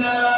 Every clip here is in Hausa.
love.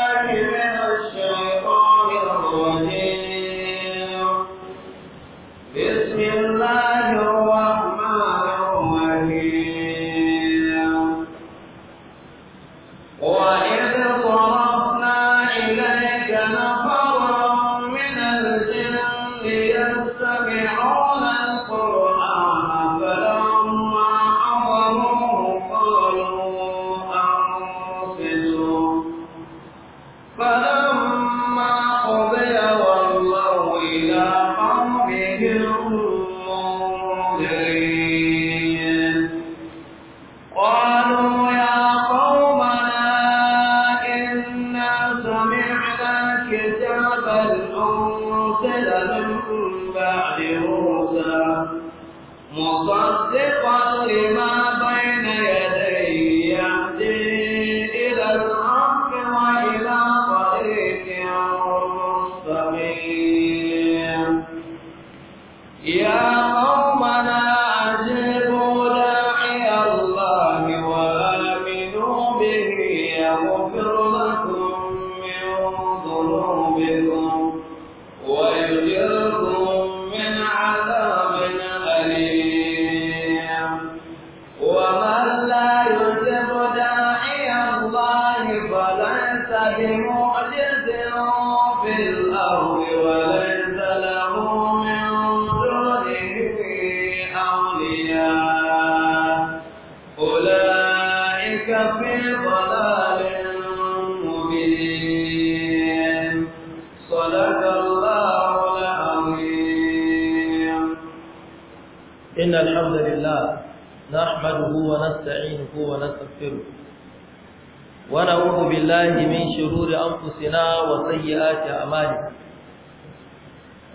وسيئات أعمالنا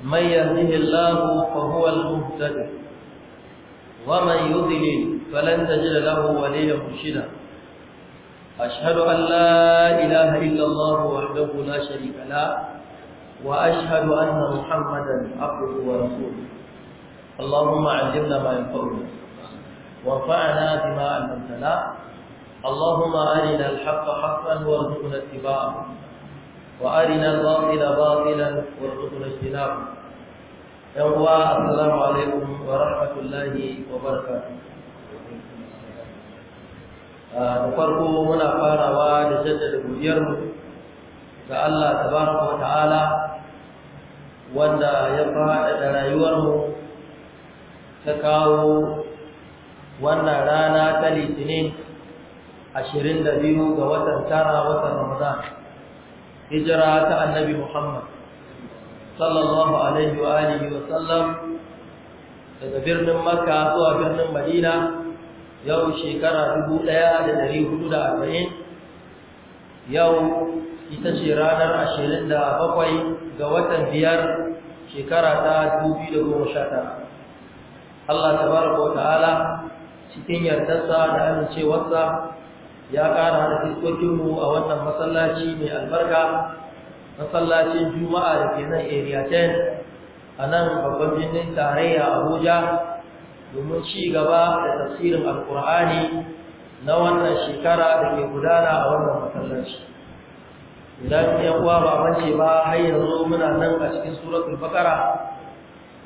من يهده الله فهو المهتد ومن يضلل فلن تجد له وليا مرشدا أشهد أن لا إله إلا الله وحده لا شريك له وأشهد أن محمدا عبده ورسوله اللهم علمنا ما ينفعنا وانفعنا بما علمتنا اللهم أرنا الحق حقا وارزقنا اتباعه وأرنا الباطل باطلا وارزقنا اجتنابه يوا السلام عليكم ورحمة الله wa da farko muna farawa da jaddada godiyarmu ga Allah tabaraka wa ta'ala wanda ya faɗaɗa rayuwarmu ta kawo wannan rana ta litinin biyu ga watan tara watan ramadan hijira ta annabi Muhammad sallallahu alaihi wa wa sallam daga birnin Makka zuwa birnin Madina yau shekara 1440 yau ita ce ranar ashirin da bakwai ga watan biyar shekara ta 2019 Allah tabaraka wa ta'ala cikin yardarsa da amincewarsa ya ƙara hada fiskokinmu a wannan masallaci mai albarka masallacin juma'a da ke nan area 10 a nan babban birnin tarayya abuja domin ci gaba da tafsirin alkur'ani na wannan shekara da ke gudana a wannan masallaci idan yan uwa ba mace ba har yanzu muna nan a cikin suratul baqara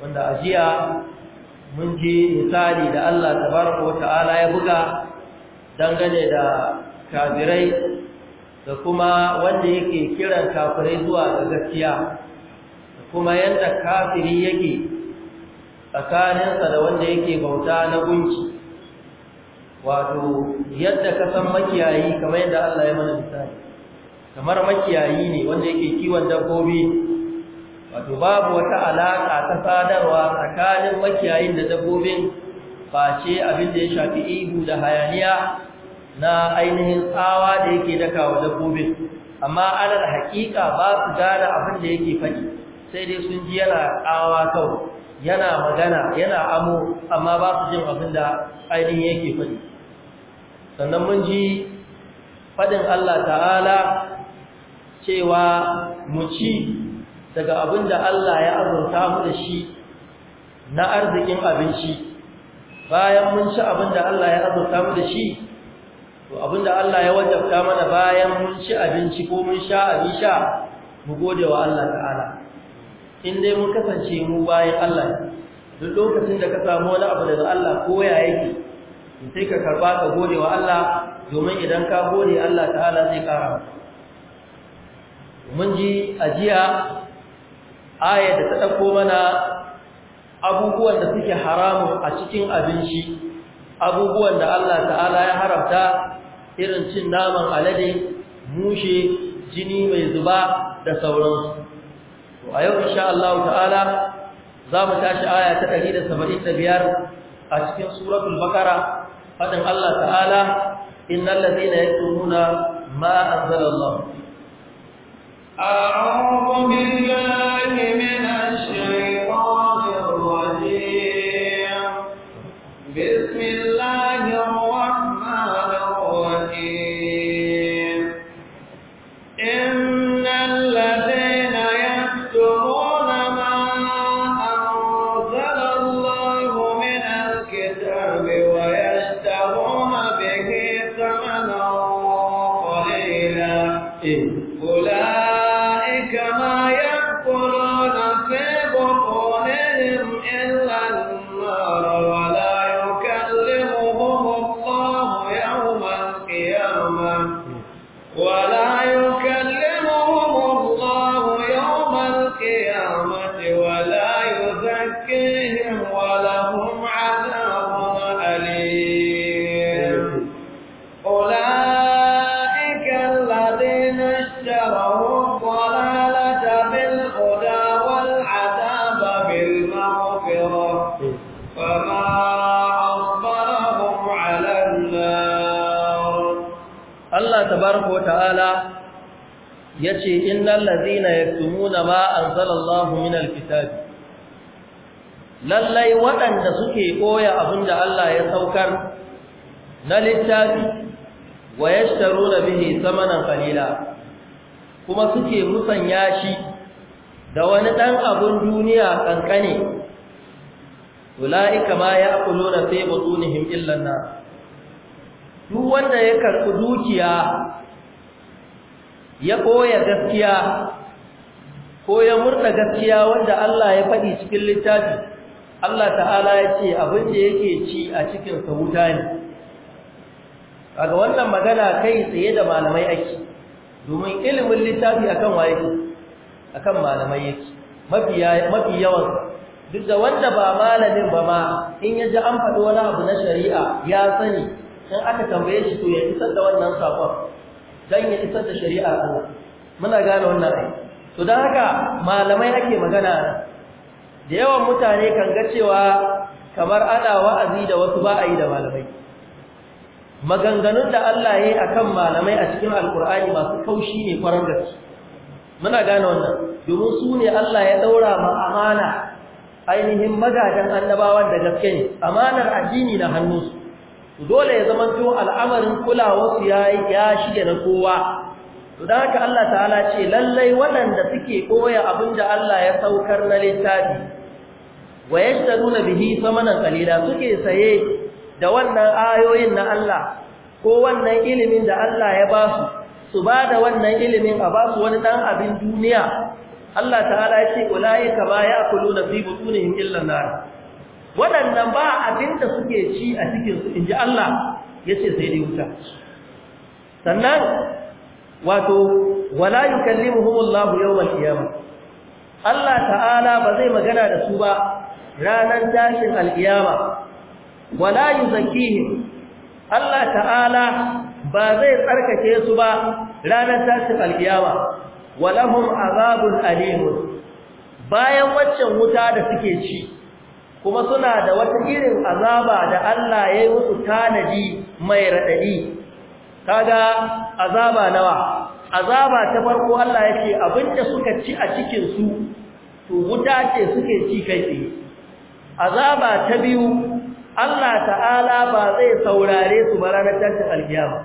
wanda a jiya mun ji misali da Allah tabaraka wa ta'ala ya buga dangane da kafirai da kuma wanda yake kiran kafirai zuwa ga gaskiya da kuma yadda kafiri yake tsakaninsa da wanda yake bauta na gunki wato yadda ka san makiyayi kamar yadda Allah ya mana misali kamar makiyayi ne wanda yake kiwon dabbobi wato babu wata alaƙa ta sadarwa tsakanin makiyayin da dabbobin face abin da ya shafi ihu da hayaniya na ainihin tsawa da yake daka wa dabbobin amma alal haƙiƙa ba su gane abin da yake faɗi sai dai sun ji yana tsawa kawai yana magana yana amo amma ba su jin abin da ainihin yake faɗi sannan mun ji faɗin Allah ta'ala cewa mu ci daga abin da Allah ya azurta mu da shi na arzikin abinci bayan mun ci abin da Allah ya azurta mu da shi to abinda Allah ya wajabta mana bayan mun ci abinci ko mun sha abin sha mu gode wa Allah ta'ala in dai mun kasance mu bayan Allah duk lokacin da ka samu wani abu daga Allah ko ya yake sai ka karba ka gode wa Allah domin idan ka gode Allah ta'ala zai kara mun ji ajiya aya da ta dauko mana abubuwan da suke haramu a cikin abinci abubuwan da Allah ta'ala ya haramta irin cin naman alade mushe jini mai zuba da sauransu to a yau insha Allah ta'ala za mu tashi aya ta 175 a cikin suratul bakara fadin Allah ta'ala innal ladhina yaktumuna ma anzalallahu a'udhu billahi min ce innal ladina yaktumuna ma anzalallahu minal kitabi lallai waɗanda suke koya abinda Allah ya saukar na littafi wa yashtaruna bihi samanan qalila kuma suke musanya shi da wani dan abun duniya kankane ulaika ma ya'kuluna fi butunihim illa an duk wanda ya karɓi dukiya ya koya gaskiya ko ya murda gaskiya wanda Allah ya faɗi cikin littafi Allah ta'ala ya ce abin da yake ci a cikin sa wuta ne kaga wannan magana kai tsaye da malamai ake domin ilimin littafi akan waye akan malamai yake mafi yawan duk da wanda ba malamin ba ma in ya ji an faɗi wani abu na shari'a ya sani in aka tambaye shi to ya isar da wannan sakon dan ya isar da shari'ar Allah muna gane wannan ai to dan haka malamai ake magana da yawan mutane kan ga cewa kamar ana wa'azi da wasu ba a yi da malamai maganganun da Allah ya akan malamai a cikin alkur'ani masu kaushi ne kwarar su. muna gane wannan domin su ne Allah ya daura ma amana ainihin magadan annabawan da gaske ne amanar addini na hannunsu dole ya zama zamanto al'amarin kulawarsu yayi ya shige na kowa to da haka Allah ta'ala ce lallai waɗanda suke koya abin da Allah ya saukar na littafi wa yashtaruna bihi samanan qalila suke saye da wannan ayoyin na Allah ko wannan ilimin da Allah ya ba su su ba da wannan ilimin a ba su wani dan abin duniya Allah ta'ala ya ce baya ba ya'kuluna fi butunihim illa nar waɗannan ba abinda suke ci a cikin su ji Allah ya ce sai dai wuta sannan wato wala yukallimuhumullahu yawmal qiyamah Allah ta'ala ba zai magana da su ba ranar tashin alkiyama wala yuzakkihim Allah ta'ala ba zai tsarkake su ba ranar tashin alkiyama walahum azabun alim bayan waccan wuta da suke ci kuma suna da wata irin azaba da Allah ya yi musu tanadi mai radadi kaga azaba nawa azaba ta farko Allah yake abinda suka ci a cikin su to wuta ce suke ci kai tsaye azaba ta biyu Allah ta'ala ba zai saurare su ba ranar tashin alkiyama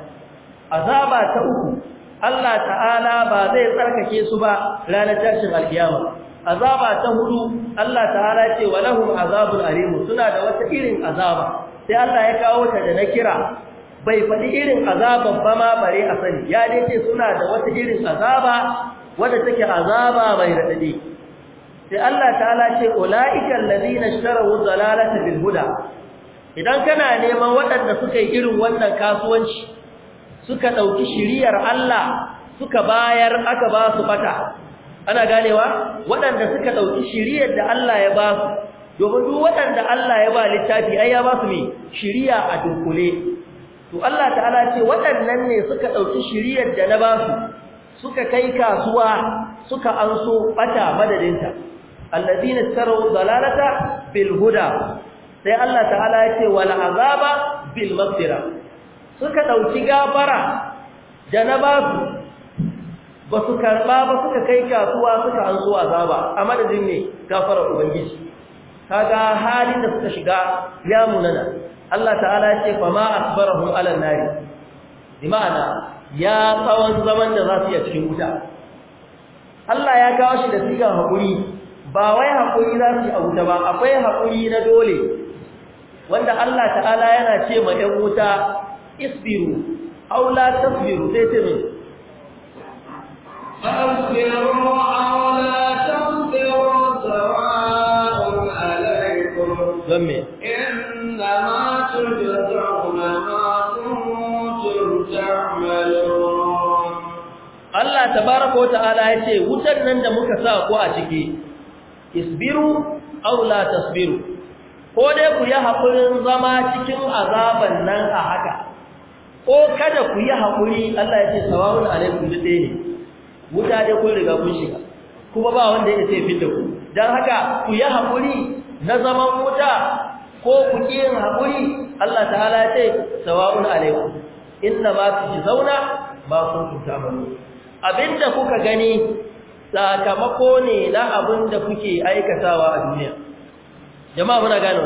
azaba ta uku Allah ta'ala ba zai tsarkake su ba ranar tashin alkiyama azaba ta hudu Allah ta'ala ce walahum azabun alim suna da wata irin azaba sai Allah ya kawo ta da na kira bai faɗi irin azaban ba ma bare a sani ya dai ce suna da wata irin azaba wadda take azaba mai radade. sai Allah ta'ala ce ulaiikal ladina ishtaraw dalalata bil huda idan kana neman waɗanda suka yi irin wannan kasuwanci suka dauki shiriyar Allah suka bayar aka ba su ana ganewa waɗanda suka ɗauki shiriyar da Allah ya ba su domin duk waɗanda Allah ya ba littafi ai ya ba su ne shiriya a dunkule to Allah ta'ala ce waɗannan ne suka ɗauki shiriyar da na ba su suka kai kasuwa suka anso bata madadinta alladhina taru dalalata bil huda sai Allah ta'ala ya ce wal azaba bil maghfira suka ɗauki gafara da na ba su ba su karɓa ba suka kai kasuwa suka an zuwa zaba a madadin ne gafara ubangiji kaga halin da suka shiga ya munana Allah ta'ala ya ce fa ma asbarahum ala nari bi ma'ana ya tsawon zaman da za su yi cikin wuta Allah ya kawo shi da sigan hakuri, ba wai hakuri za su yi a wuta ba akwai hakuri na dole wanda Allah ta'ala yana ce ma 'yan wuta isbiru aw la tasbiru sai ta min Allah tabaraka wa ta'ala ce, wutar nan da muka sa ku a ciki isbiru aw la tasbiru ko dai ku yi hakurin zama cikin azaban nan a haka ko kada ku yi hakuri Allah yace sawa'un alaikum dade ne wuta dai kun riga kun shiga kuma ba wanda ya sai fitta ku dan haka ku yi hakuri na zaman wuta ko ku ki yin hakuri Allah ta'ala ya ce sawa'un alaikum inna ma tujzauna ma kuntum ta'malun abinda kuka gani sakamako ne na abinda kuke aikatawa a duniya jama'a muna gane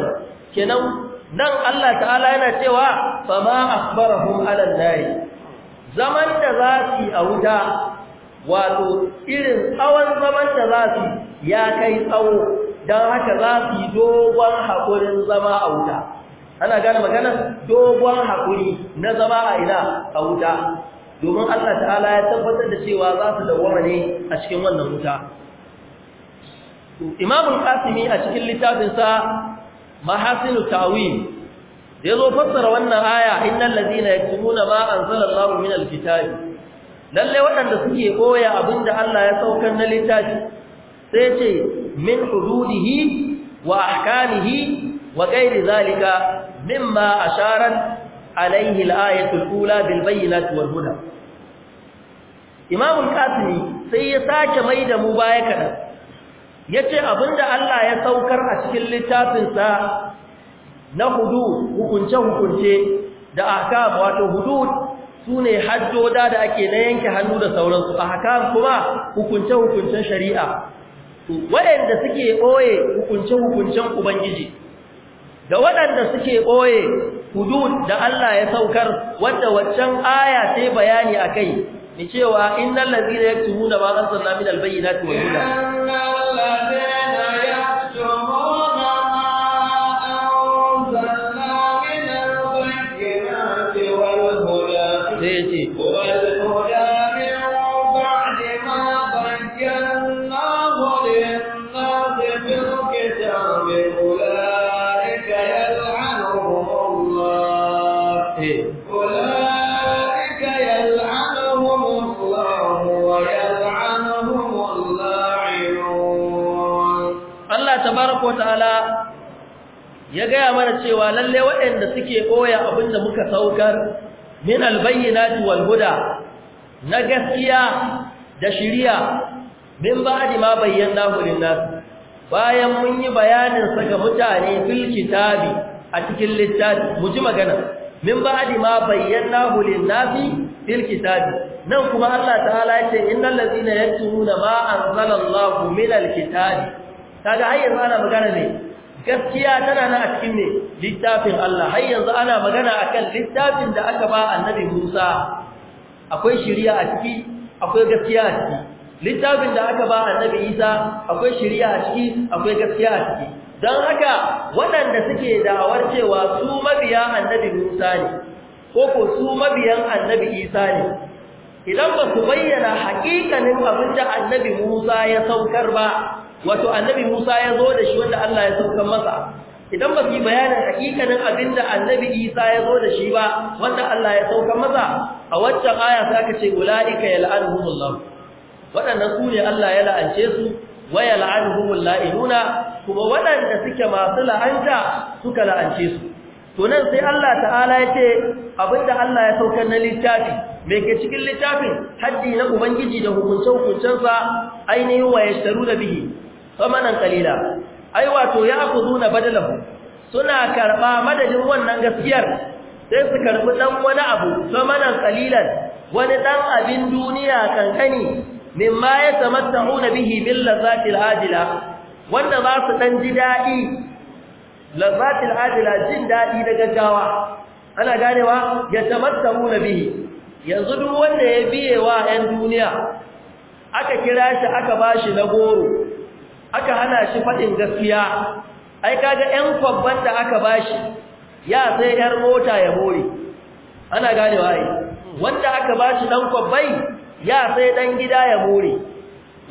kenan nan Allah ta'ala yana cewa ma akhbarahum ala nari zaman da za su a wuta wato irin tsawon zaman da za su ya kai tsawo don haka za su yi dogon haƙurin zama a wuta ana gane magana dogon haƙuri na zama a ina a wuta domin Allah ta'ala ya tabbatar da cewa za su dawwama ne a cikin wannan wuta imamun Kasimi a cikin littafinsa mahasinu tawil da zo fassara wannan aya innal ladina yaktumuna ma anzala Allahu min kitabi lalle waɗanda suke koya abinda Allah ya saukar na littafi sai ce min hududihi wa ahkamihi wa ghairi zalika mimma asharat alaihi al-ayatu al-ula bil bayyinati wal huda Imam al-Qasimi sai ya sake mai da mu baya kada yace abinda Allah ya saukar a cikin littafin sa na hudud hukunce hukunce da ahkam wato hudud su ne haddoda da ake na yanke hannu da sauransu a haka kuma hukunce-hukuncen shari'a waɗanda suke ɓoye hukunce-hukuncen ubangiji da waɗanda suke ɓoye hudud da Allah ya saukar wadda waccan aya sai bayani a kai ni cewa innal yaki ba ma anzalna min albayyana tuwa gaya mana cewa lalle waɗanda suke koya abinda muka saukar min albayyinati wal huda na gaskiya da shiriya min ba'di ma bayyana lin nas bayan mun yi bayanin saka mutane fil kitabi a cikin littafi mu ji magana min ba'di ma bayyana lin nas fil kitabi nan kuma Allah ta'ala ya ce innal ladina yaktumuna ma anzalallahu min al kitabi kaga ai ana magana ne gaskiya tana nan a cikin ne littafin Allah har yanzu ana magana akan littafin da aka ba annabi Musa akwai shari'a a ciki akwai gaskiya a ciki littafin da aka ba annabi Isa akwai shari'a a ciki akwai gaskiya a ciki don haka waɗanda suke da'awar cewa su mabiya annabi Musa ne ko ko su mabiyan annabi Isa ne idan ba su bayyana haƙiƙanin abin da annabi Musa ya saukar ba wato annabi Musa ya zo da shi wanda Allah ya sauka masa idan ba su yi bayanin hakikanin abinda annabi Isa ya zo da shi ba wanda Allah ya sauka masa a waccan aya sai aka ce ulaika yal'anuhumullah waɗannan su ne Allah ya la'ance su wa yal'anuhumul la'inuna kuma waɗanda suke masu la'anta suka la'ance su to nan sai Allah ta'ala ya ce abinda Allah ya saukar na littafi me ke cikin littafin haddi na ubangiji da hukunce-hukuncensa ainihin wa yashtaru da bihi samanan qalila ai wato ya ya'khuduna badalahu suna karba madadin wannan gaskiyar sai su karbi dan wani abu samanan qalilan wani dan abin duniya kankani mimma yatamatta'una bihi bil lazati ajila wanda za su dan ji dadi lazati ajila jin dadi da gaggawa ana ganewa yatamatta'una bihi yanzu duk wanda ya biye wa 'yan duniya aka kira shi aka bashi na goro aka hana shi faɗin gaskiya ai kaga ƴan kwabban da aka bashi ya sai ƴar mota ya more ana ganewa ai wanda aka bashi ɗan kwabbai ya sai ɗan gida ya more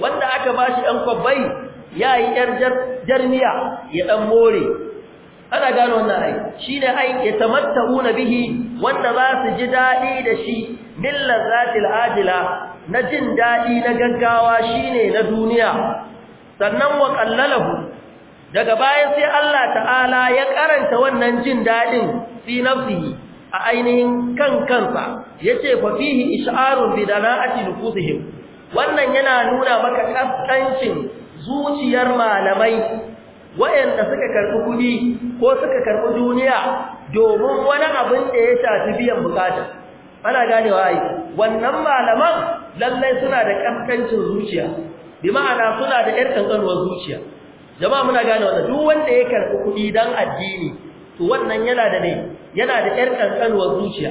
wanda aka bashi ɗan kwabbai ya yi ƴar jarmiya ya ɗan more ana gane wannan ai shine ai ya una bihi wanda za su ji daɗi da shi min lazzatil ajila na jin daɗi na gaggawa shine na duniya sannan wa qallalahu daga bayan sai Allah ta'ala ya karanta wannan jin daɗin fi nafsihi a ainihin kan kansa yace fa fihi ish'arun bi dana'ati nufusihim wannan yana nuna maka kaskancin zuciyar malamai wayanda suka karbi kudi ko suka karbi duniya domin wani abin da ya shafi biyan bukata ana ganewa ai wannan malaman lallai suna da kaskancin zuciya bi ma'ana suna da ƴar kankanuwar zuciya jama'a muna gane wannan duk wanda ya karɓi kuɗi dan addini to wannan yana da ne yana da ƴar kankanuwar zuciya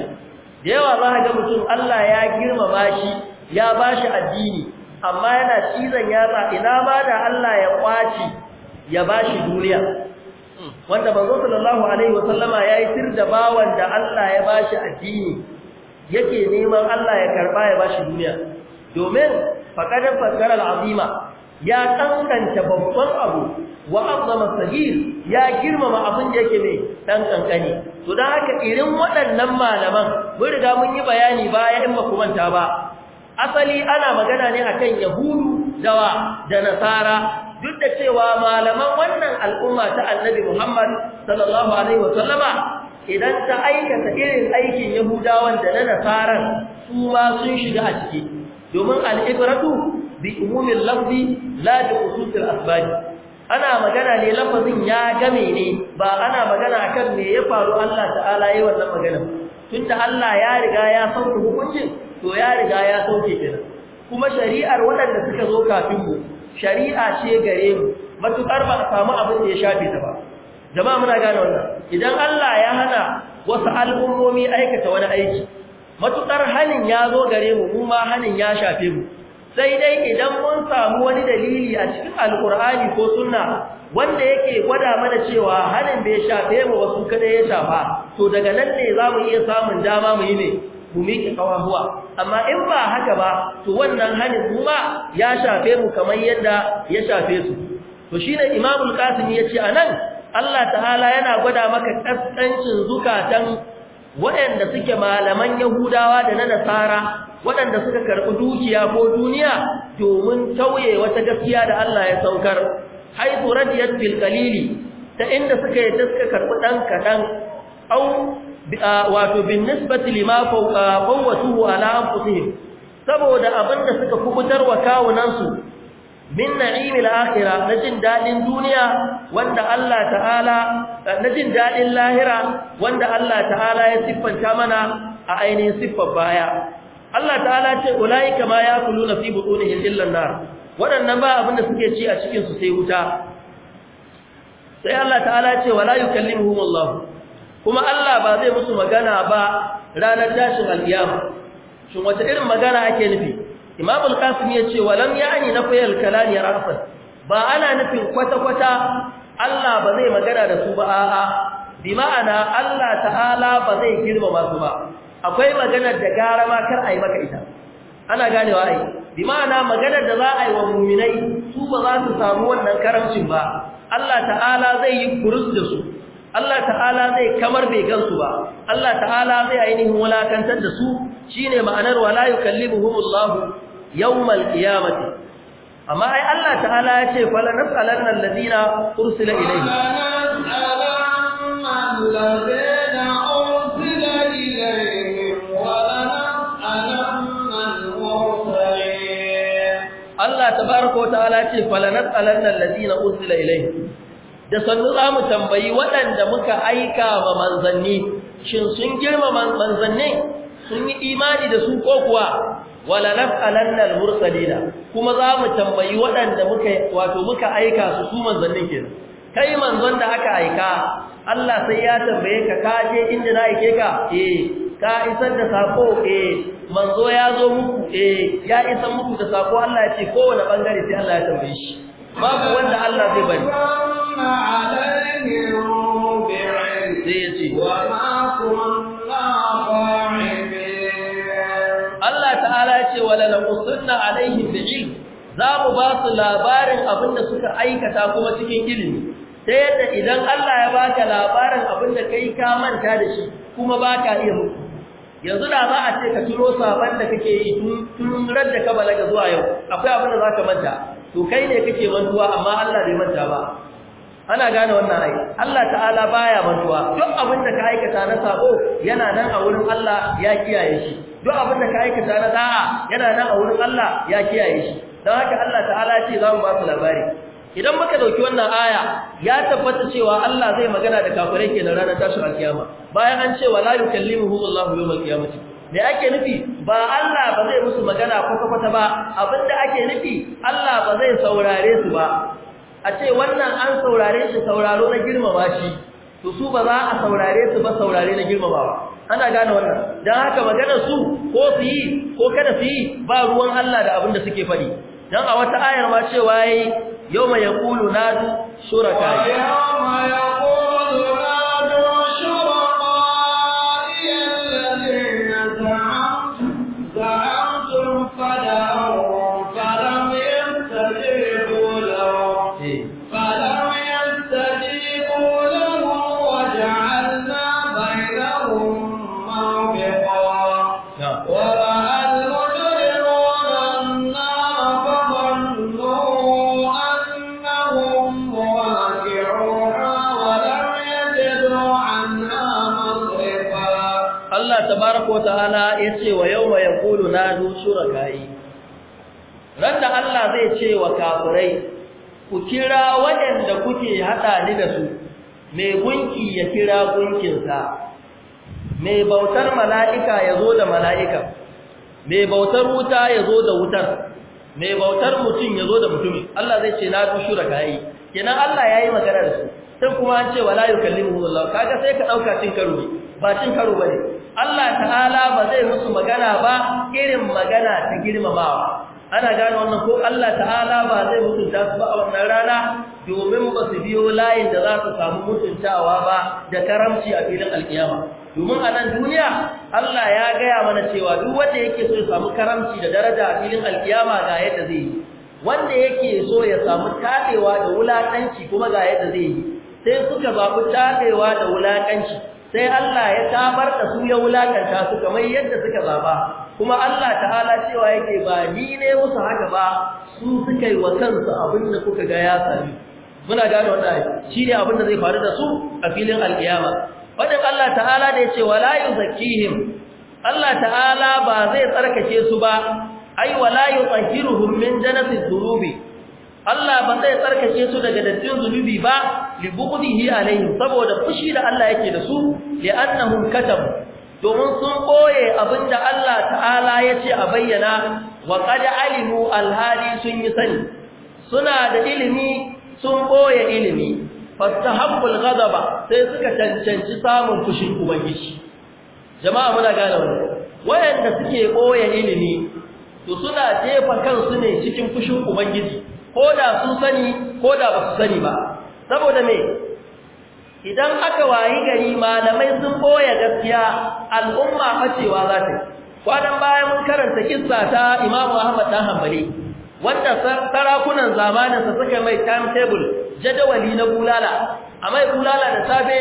da yawa ba ka ga mutum Allah ya girmama shi ya bashi addini amma yana cizon yatsa ina ma da Allah ya kwaci ya bashi duniya wanda manzo sallallahu alaihi wa sallama yayi tir da bawan da Allah ya bashi addini yake neman Allah ya karba ya bashi duniya domin fakadar fassara al'azima ya kankanta babban abu wa azama ya girmama abin da yake mai ɗan ƙanƙani to dan haka irin waɗannan malaman mun riga mun yi bayani baya in ba ba asali ana magana ne a kan yahudu dawa da nasara duk da cewa malaman wannan al'umma ta annabi Muhammad sallallahu alaihi wasallama idan ta aikata irin aikin yahudawan da na nasarar su ma sun shiga a ciki domin al'ibratu bi umumin lafzi la da ususul asbabi ana magana ne lafazin ya game ne ba ana magana kan me ya faru Allah ta'ala yi wannan magana tunda Allah ya riga ya sauke hukuncin to ya riga ya sauke kenan kuma shari'ar waɗanda suka zo kafin mu shari'a ce gare mu matukar ba a samu abin da ya shafe ta ba jama'a muna gane wannan idan Allah ya hana wasu al'ummomi aikata wani aiki matukar hanin ya zo gare mu mu ma hanin ya shafe mu sai dai idan mun samu wani dalili a cikin alkur'ani ko sunna wanda yake gwada mana cewa hanin bai shafe mu wasu kada ya shafa to daga nan ne za mu iya samun dama mu yi ne mu miƙe kawahuwa amma in ba haka ba to wannan hanin kuma ya shafe mu kamar yadda ya shafe su to shine imamul qasim yace anan Allah ta'ala yana gwada maka kaskancin zukatan waɗanda suke malaman yahudawa da na nasara waɗanda suka karɓi dukiya ko duniya domin tauye wata gaskiya da Allah ya saukar haitu radiyat bil qalili ta inda suka yi suka karɓi ɗan kaɗan au wato bin nisbati lima fawwatuhu ala anfusihim saboda abinda suka kubutar wa kawunan su. min na'imil akhirah na jin dadin duniya wanda Allah ta'ala eh, na jin dadin lahira wanda Allah ta'ala ya siffanta mana a ainihin siffar baya Allah ta'ala ce ulaika ma yakuluna fi butunihim illan nar wadannan ba abinda suke ci a cikin su sai wuta sai Allah ta'ala ce wala yukallimuhum Allah kuma Allah ba zai musu magana ba ranar tashin alkiyama shin wace irin magana ake nufi imam al-qasim ya ce walam ya'ni nafiyal kalani rafat ba ana nufin kwata-kwata Allah ba zai magana da su ba a'a bi ma'ana Allah ta'ala ba zai girmama su ba akwai maganar da gara ma kar a yi maka ita ana ganewa ai bi ma'ana maganar da za a yi wa muminai su ba za su samu wannan karamcin ba Allah ta'ala zai yi kurus da su Allah ta'ala zai kamar bai gansu ba Allah ta'ala zai ainihin walakantar da su shine ma'anar wala yukallimuhumullahu yawmal qiyamati amma ai Allah ta'ala ya ce fala nas'alanna alladhina ursila ilayhi Allah tabaraka wa ta'ala ce fala nas'alanna alladhina ursila ilayhi da sannu za mu tambayi waɗanda muka aika ma manzanni shin sun girma manzanni sun yi imani da su ko kuwa wala nas'alanna al-mursalina kuma za mu tambayi waɗanda muka wato muka aika su su manzannin kenan kai manzon da aka aika Allah sai ya tambaye ka ka je inda na aike ka eh ka isar da sako eh manzo ya zo muku eh ya isar muku da sako Allah ya ce kowane bangare sai Allah ya tambaye shi babu wanda Allah zai bari sai ya ce wa ma kuma wala naqussunna alaihim bi'ilm za mu ba su labarin abin da suka aikata kuma cikin ilimi sai da idan Allah ya baka labarin abin da kai ka manta da shi kuma baka iya mutu yanzu da za a ce ka turo saban da kake yi tun ran da ka balaga zuwa yau akwai abin da za ka manta to kai ne kake mantuwa amma Allah bai manta ba ana gane wannan ai Allah ta'ala baya mantuwa duk abin da ka aikata na sako yana nan a wurin Allah ya kiyaye shi duk abin da ka aikata na da'a yana nan a wurin Allah ya kiyaye shi dan haka Allah ta'ala ya ce za mu ba su labari idan muka dauki wannan aya ya tabbata cewa Allah zai magana da kafirai kenan ranar a kiyama bayan an ce wala yukallimuhumullahu yawmal qiyamati me ake nufi ba Allah ba zai musu magana kwata-kwata ba abinda ake nufi Allah ba zai saurare su ba a ce wannan an saurare shi sauraro na girmama shi to su ba za a saurare su ba saurare na girmamawa ana gane wannan dan haka maganar su ko su yi ko kada su yi ba ruwan Allah da abin da suke faɗi dan a wata ayar ma cewa yayi yawma yaqulu nadu shuraka yawma yaqulu kanu shuraka'i ran da Allah zai ce wa kafirai ku kira waɗanda kuke hada ni da su mai gunki ya kira gunkinsa mai bautar mala'ika ya zo da mala'ika mai bautar wuta ya zo da wutar mai bautar mutum ya zo da mutumin Allah zai ce na shuraka'i kenan Allah yayi magana da su sai kuma an ce wala mu Allah kaga sai ka dauka cin karo ne ba cin karo bane Allah ta'ala ba zai musu magana ba irin magana ta girmamawa ana gane wannan ko Allah ta'ala ba zai mutunta su ba a wannan rana domin ba su biyo layin da za su samu mutuntawa ba da karamci a filin alkiyama domin a nan duniya Allah ya gaya mana cewa duk wanda yake so ya samu karamci da daraja a filin alkiyama ga yadda zai yi wanda yake so ya samu tadewa da wulakanci kuma ga yadda zai yi sai suka babu tadewa da wulakanci sai Allah ya tabar da su ya wulakanta su kamar yadda suka zaba kuma Allah ta'ala cewa yake ba ni ne musu haka ba su suka yi wa kansu abin da kuka ga ya sami muna gane wannan ayi shine abin da zai faru da su a filin alkiyama wadin Allah ta'ala da yace wala yuzakkihim Allah ta'ala ba zai tsarkake su ba ai wala yutahhiruhum min janatiz dhunubi Allah ba zai tsarkake su daga dattin zunubi ba li bughdihi alaihim saboda fushi da Allah yake da su li annahum katab domin sun boye abinda Allah ta'ala yace a bayyana wa qad alimu alhali sun yi sani suna da ilimi sun boye ilimi fastahabbul ghadaba sai suka cancanci samun fushin ubangiji jama'a muna gane wannan wayanda suke ɓoye ilimi to suna jefa kansu ne cikin fushin ubangiji ko da sun sani ko da ba su sani ba saboda me idan aka wayi gari malamai sun boye gaskiya al'umma facewa za ta kwanan bayan mun karanta kissa ta imamu ahmad dan hanbali wanda sarakunan zamaninsa suka mai timetable jadawali na bulala amai bulala da safe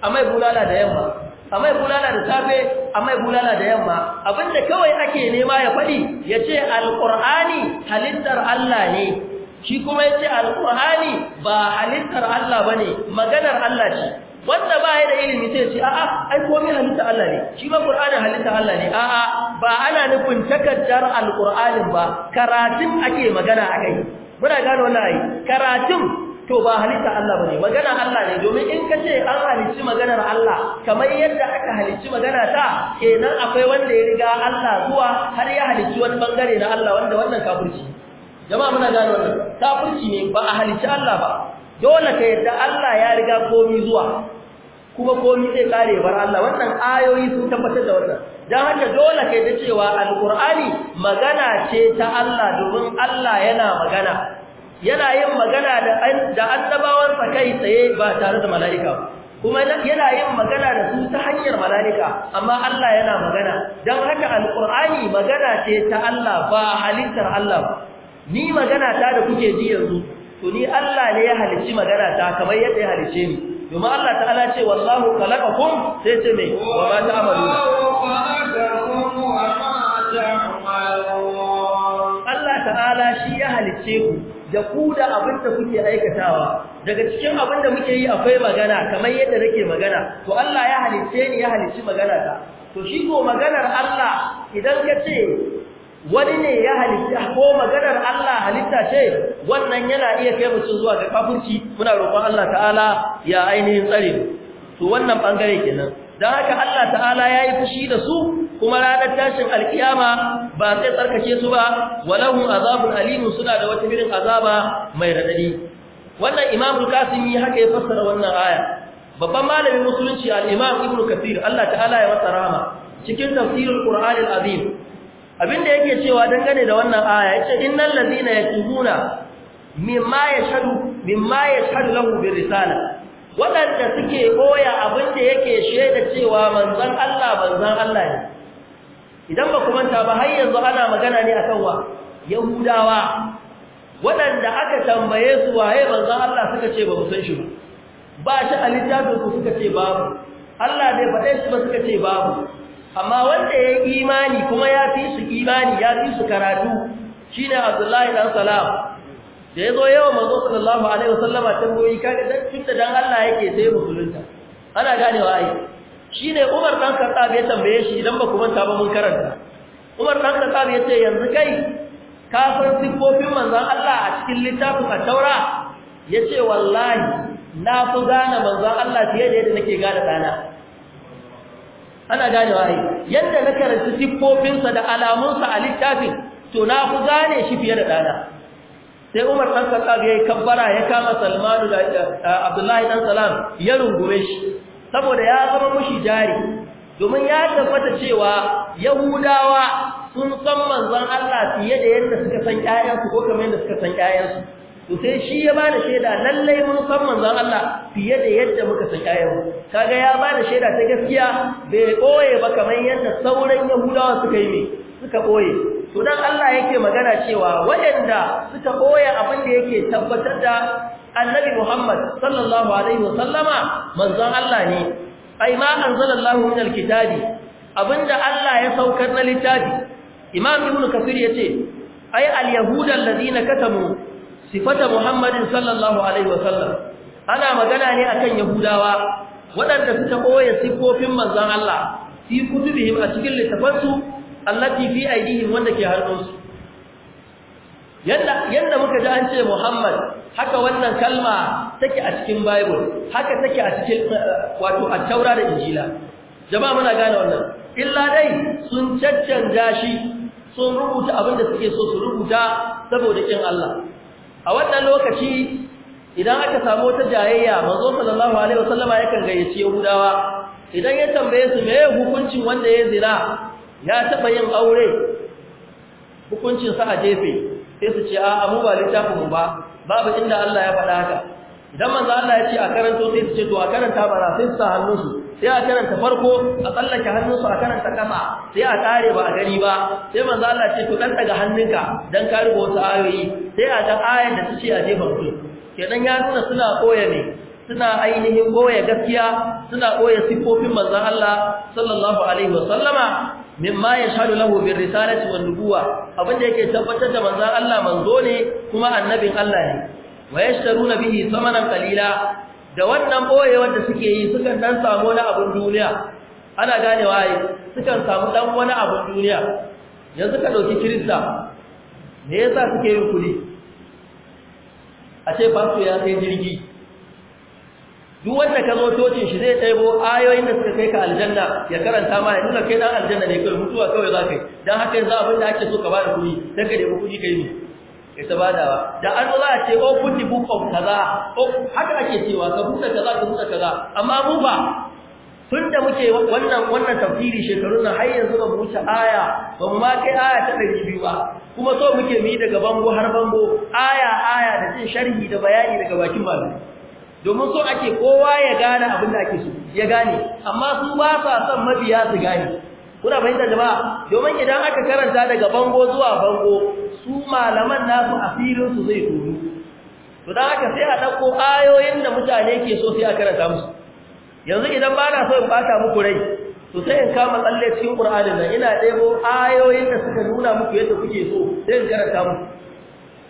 amai bulala da yamma amai bulala da safe amai bulala da yamma abinda kawai ake nema ya faɗi ya ce alƙur'ani halittar Allah ne shi kuma ya yace alqur'ani ba halittar Allah bane maganar Allah ce wanda ba ya da ilimi sai ce a'a ai komai halittar Allah ne shi ba Qur'ani halittar Allah ne a'a ba ana nufin takaddar alqur'anin ba karatun ake magana kai muna gano wannan ai karatun to ba halitta Allah bane magana Allah ne domin in ka ce an halicci maganar Allah kamar yadda aka halicci magana ta kenan akwai wanda ya riga Allah zuwa har ya halicci wani bangare na Allah wanda wannan kafirci jama'a muna gane wannan kafirci ne ba a halicci Allah ba dole ka yadda Allah ya riga komi zuwa kuma komi zai kare bar Allah wannan ayoyi sun tabbatar da wannan dan haka dole ka yadda cewa alqur'ani magana ce ta Allah domin Allah yana magana yana yin magana da da sa kai tsaye ba tare da mala'ika kuma yana yin magana da su ta hanyar malaika amma Allah yana magana dan haka alqur'ani magana ce ta Allah ba halittar Allah ba ni magana ta da kuke ji yanzu to ni Allah ne ya halicci magana ta kamar yadda ya halicce ni domin Allah ta'ala ce wallahu khalaqakum sai ce me wa ma ta'malu Allah ta'ala shi ya halicce ku da ku da abin da kuke aikatawa daga cikin abin da muke yi akwai magana kamar yadda nake magana to Allah ya halicce ni ya halicci magana ta to shi ko maganar Allah idan ka ce wani ne ya halitta ko maganar Allah halitta ce wannan yana iya kai mutum zuwa ga kafirci muna roƙon Allah ta'ala ya ainihin tsare to wannan bangare kenan dan haka Allah ta'ala yayi fushi da su kuma ranar tashin alkiyama ba sai tsarkake su ba walahu azabun alim suna da wata irin azaba mai radadi wannan Imam Al-Qasimi haka ya fassara wannan aya babban malamin musulunci al-Imam Ibn Kathir Allah ta'ala ya masa rahama cikin tafsirul Qur'an azim abinda yake cewa dangane da wannan aya yace innal ladina yatuhuna mimma yashadu mimma yashadu lahu risala. wadanda suke boya abinda yake shaida cewa manzon Allah manzon Allah ne idan ba kuma ta ba har yanzu ana magana ne akan wa yahudawa wadanda aka tambaye su waye manzon Allah suka ce ba mu san shi ba ba shi a littafin su suka ce babu Allah dai faɗe shi ba suka ce babu amma wanda ya yi imani kuma ya fi su imani ya fi su karatu shi ne abdullahi dan salam da ya zo yawa mazo sallallahu alaihi wasallama tambayoyi kaga dan tunda dan Allah yake sai musulunta ana ganewa ai shi ne umar dan khattab ya tambaye shi idan ba ku manta ba mun karanta umar dan khattab ya ce yanzu kai ka san siffofin manzon Allah a cikin littafin at-taura yace wallahi na fi gane manzon Allah fiye da yadda nake gane dana ana gane ai yanda na karanci siffofinsa da alamunsa a littafin to na ku gane shi fiye da ɗana sai umar ɗan khattab yayi kabbara ya kama salmanu da abdullahi ɗan salam ya rungume shi saboda ya zama mushi jari domin ya tabbata cewa yahudawa sun san manzon Allah fiye da yadda suka san ƴaƴansu ko kamar yadda suka san ƴaƴansu to sai shi ya bada shaida lallai mun san manzon Allah fiye da yadda muka san ayyan kaga ya bada shaida ta gaskiya bai koye ba kamar yadda sauran yahudawa suka yi ne suka koye to dan Allah yake magana cewa wayanda suka koye abin da yake tabbatar da annabi Muhammad sallallahu alaihi wasallama manzon Allah ne ai ma anzalallahu min alkitabi abinda Allah ya saukar na littafi imam ibnu kasir yace ai alyahuda alladhina katamu sifata muhammadin sallallahu alaihi wa sallam ana magana ne akan yahudawa waɗanda suka koya sifofin manzon Allah fi kutubihim a cikin littafansu allati fi aidihim wanda ke hannunsu yadda yanda muka ji an ce muhammad haka wannan kalma take a cikin bible haka take a cikin eh, wato a taura da injila jama'a muna gane wannan illa dai sun caccanja shi sun rubuta abin da suke so su rubuta saboda kin Allah a wannan lokaci idan aka samu wata jayayya manzo sallallahu alaihi wasallama yakan gayyaci yahudawa idan ya tambaye su meye hukuncin wanda ya zina ya taba yin aure hukuncin sa a jefe sai su ce a'a mu ba littafin mu ba babu inda Allah ya faɗa haka idan manzo Allah ya ce a karanto sai su ce to a karanta bara sai su sa hannunsu sai a karanta farko a tsallake hannunsu a karanta kasa sai a tare ba a gani ba sai manzo Allah ya ce to dan daga hannunka dan ka rubo wasu ayoyi sai a ga ayar da ce a jefa ku kenan ya nuna suna koya ne suna ainihin koya gaskiya suna koya sifofin manzo Allah sallallahu alaihi wasallama mimma yashhadu lahu bir risalati wan nubuwa abinda yake tabbatar da manzo Allah manzo ne kuma annabin Allah ne wa yashtaruna bihi samanan qalila da wannan boye wanda suke yi sukan dan samu na abun duniya ana ganewa ai sukan samu dan wani abun duniya yanzu ka dauki kirista me yasa suke yin kudi a ce fasto ya sai jirgi duk wanda ka zo tocin shi zai taibo ayoyin da suka kai ka aljanna ya karanta ma ya nuna kai dan aljanna ne kai mutuwa kawai za ka yi don haka yanzu abin da ake so ka ba da kudi don ka nemi kudi ka yi ne ita ba badawa da an zo za a ce oh put the book of kaza oh haka ake cewa ka buɗe kaza ka buɗe kaza amma mu ba tun da muke wannan wannan tafsiri shekarun nan har yanzu ba mu wuce aya ba mu ma kai aya ta ɗari biyu ba kuma so muke mi daga bango har bango aya aya da cin sharhi da bayani daga bakin malamai domin so ake kowa ya gane abin da ake so ya gane amma su ba sa son mabiya su gane kuna fahimtar jama'a domin idan aka karanta daga bango zuwa bango su malaman nasu a filin su zai turu to dan haka sai a dauko ayoyin da mutane ke so sai a karanta musu yanzu idan ba na so in bata muku rai to sai in kama tsalle cikin qur'anin nan ina ɗebo ayoyin da suka nuna muku yadda kuke so sai in karanta muku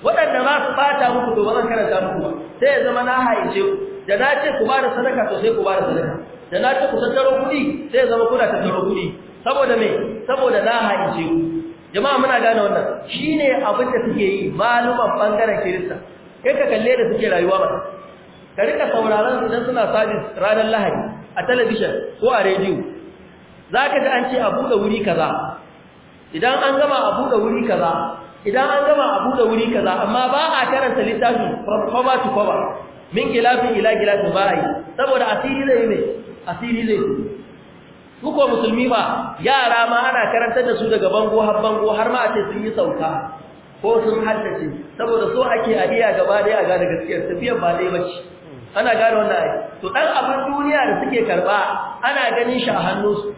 waɗanda ba su bata muku to ba karanta muku ba sai ya zama na haice ku da na ce ku bada sadaka to sai ku bada sadaka da na ce ku tattaro kudi, sai ya zama kuna tattaro kudi. saboda me saboda na haice ku jama'a muna gane wannan shine abin da suke yi maluman bangaren kirista kai ka kalle da suke rayuwa ba ka rika sauraron su dan suna sabis ranar lahadi a talabijin ko a rediyo zaka ji an ce a buɗe wuri kaza idan an gama a buɗe wuri kaza idan an gama a buɗe wuri kaza amma ba a karanta littafin from cover to cover min gilafin ila gilafin ba yi saboda asiri zai ne asiri zai ko musulmi ba yara ma ana karantar da su daga bango har bango har ma a ce sun yi sauka ko sun haddace saboda so ake a iya gaba da ya gane gaskiyar tafiyar ba dai bace ana gane wannan ai to dan abin duniya da suke karba ana ganin shi a hannu su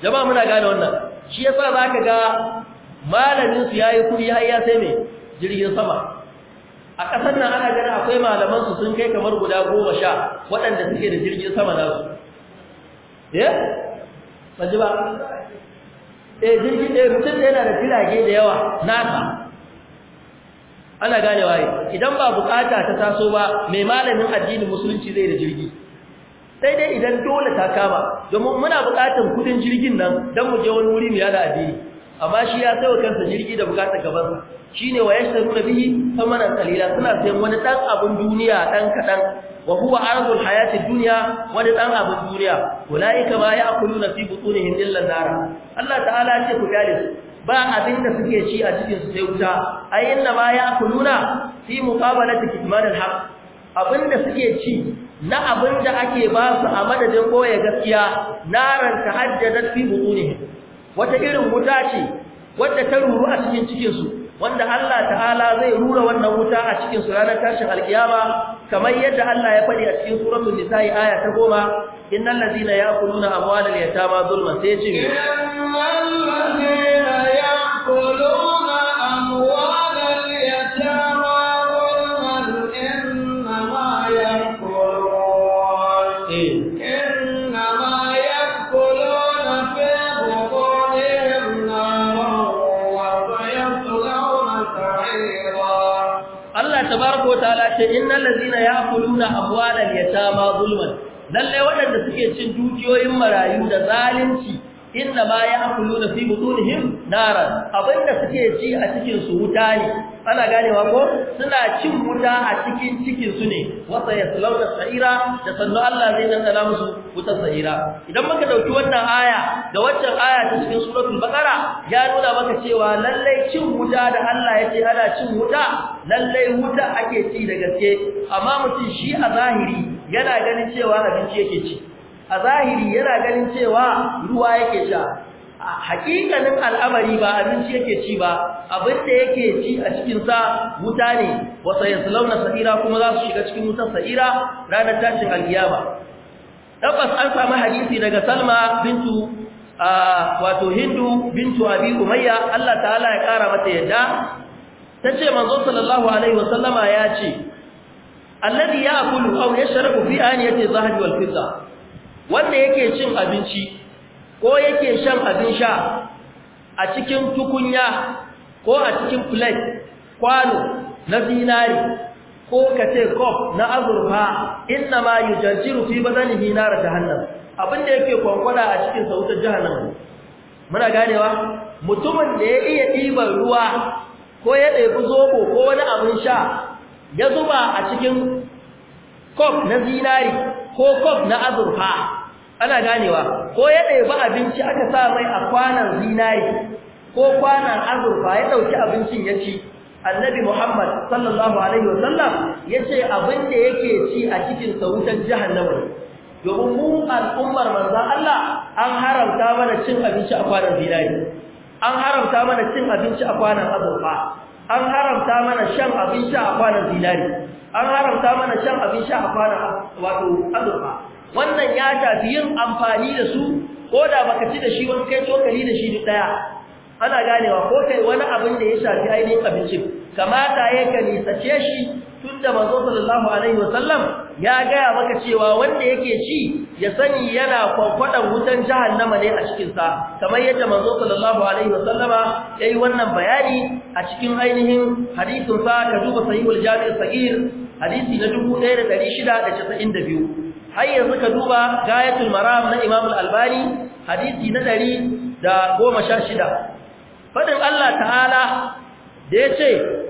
jama'a muna gane wannan shi yasa zaka ga malamin su yayi kuri har ya sai me jirgin sama a ƙasar nan ana ganin akwai malaman su sun kai kamar guda goma sha waɗanda suke da jirgin sama na su eh ba ba eh jirgin eh, ɗaya mutum yana da filage da yawa nasa ana gane waye idan ba bukata ta taso ba mai malamin addinin musulunci zai da jirgi sai dai idan dole ta kama domin muna bukatar kudin jirgin nan dan mu je wani wuri mu yada addini amma shi ya sai kansa jirgi da bukatar gaban shine ne yashtaru bihi thamanan qalila suna sayan wani dan abun duniya dan kadan wa huwa arzul hayati dunya wani dan abu duniya ulaika ma ya'kuluna fi butunihim illa nara Allah ta'ala ya ce ku gane ba abinda suke ci a cikin su sai wuta ay inna ma ya'kuluna fi muqabalati kitman al abinda suke ci na abinda ake ba su a madadin boye gaskiya naran tahajjadat fi butunihim wata irin wuta ce wadda ta ruru a cikin cikin su wanda Allah ta'ala zai rura wannan wuta a cikin su ranar tashin alkiyama kamar yadda Allah ya faɗi a cikin suratul nisa'i aya ta goma innal ladina ya'kuluna amwalal yatama zulman sai ce innal ladina ya'kuluna tabaraka wa ta'ala ce innal ladzina ya'kuluna amwalal yatama zulman lalle waɗanda suke cin dukiyoyin marayu da zalunci inna ma yaquluna fi butunihim nara abinda suke ci a cikin su wuta ne ana ganewa ko suna cin wuta a cikin cikin su ne wasa da sa'ira da sannu Allah zai dandana musu wuta sa'ira idan muka dauki wannan aya da waccan aya ta cikin suratul baqara ya nuna maka cewa lallai cin wuta da Allah yace ana cin wuta lallai wuta ake ci da gaske amma mutum shi a zahiri yana ganin cewa abinci yake ci a zahiri yana ganin cewa ruwa yake sha haƙiƙanin al'amari ba abinci yake ci ba abin da yake ci a cikinsa wuta ne wasa ya launa sa'ira kuma za su shiga cikin wutan sa'ira ranar tashin alkiyama tabbas an samu hadisi daga salma bintu wato hindu bintu abi umayya allah ta'ala ya ƙara mata yadda ta ce manzo sallallahu alaihi wasallama ya ce alladhi ya'kulu aw yashrabu fi aniyati zahabi wal fidda wanda yake cin abinci ko yake shan abin sha a cikin tukunya ko a cikin plate kwano na zinari ko ka ce kof na azurfa inna ma yujarjiru fi badanihi nar jahannam abin da yake kwankwada a cikin sa wutar jahannam muna ganewa mutumin da ya iya ɗiban ruwa ko ya ɗebi zobo ko wani abin sha ya zuba a cikin kof na zinari ko kof na azurfa ana ganewa ko ya ɗaiba abinci aka sa mai a kwanan zinari ko kwanan azurfa ya ɗauki abincin ya ci annabi muhammad sallallahu alaihi wasallam ya ce abin da yake ci a cikin sautan jahannama wani. domin mu al'ummar manza Allah an haramta mana cin abinci a kwanan zinari an haramta mana cin abinci a kwanan azurfa an haramta mana shan abinci a kwanan zinari an haramta mana shan abinci a kwanan wato azurfa wannan ya shafi yin amfani da su ko da baka ci da shi wani kai tokali da shi daya ana ganewa ko kai wani abin da ya shafi ainihin abincin kamata ya ka nisace shi tunda manzo sallallahu alaihi wasallam ya gaya maka cewa wanda yake ci ya sani yana kwankwadan wutan jahannama ne a cikin sa kamar yadda manzo sallallahu alaihi wasallama yayi wannan bayani a cikin ainihin hadisin sa ka duba sahihul jami' sahih hadisi na 1692 har yanzu ka duba gayatul maram na imam al-albani hadisi na 116 fadin Allah ta'ala da yace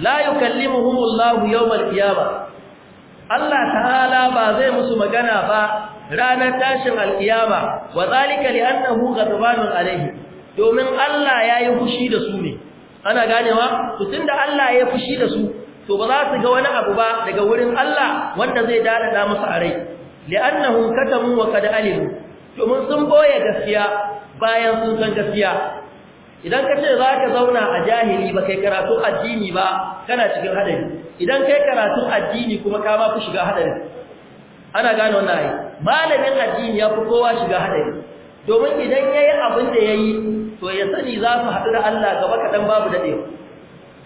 la yukallimuhumullahu yawmal qiyama Allah ta'ala ba zai musu magana ba ranar tashin alkiyama wa zalika ga ghadbanun alaihi domin Allah yayi fushi da su ne ana ganewa to tunda Allah yayi fushi da su to ba za su ga wani abu ba daga wurin Allah wanda zai dada musu arai, rai li'annahum katamu wa qad alimu domin sun boye gaskiya bayan sun san gaskiya idan ka ce za ka zauna a jahili ba kai karatu addini ba kana cikin hadari idan kai karatu addini kuma ka ma fi shiga hadari ana gane wannan ai malamin addini ya fi kowa shiga hadari domin idan yayi abin da yayi to ya sani za su haɗu da Allah gaba kaɗan babu daɗe.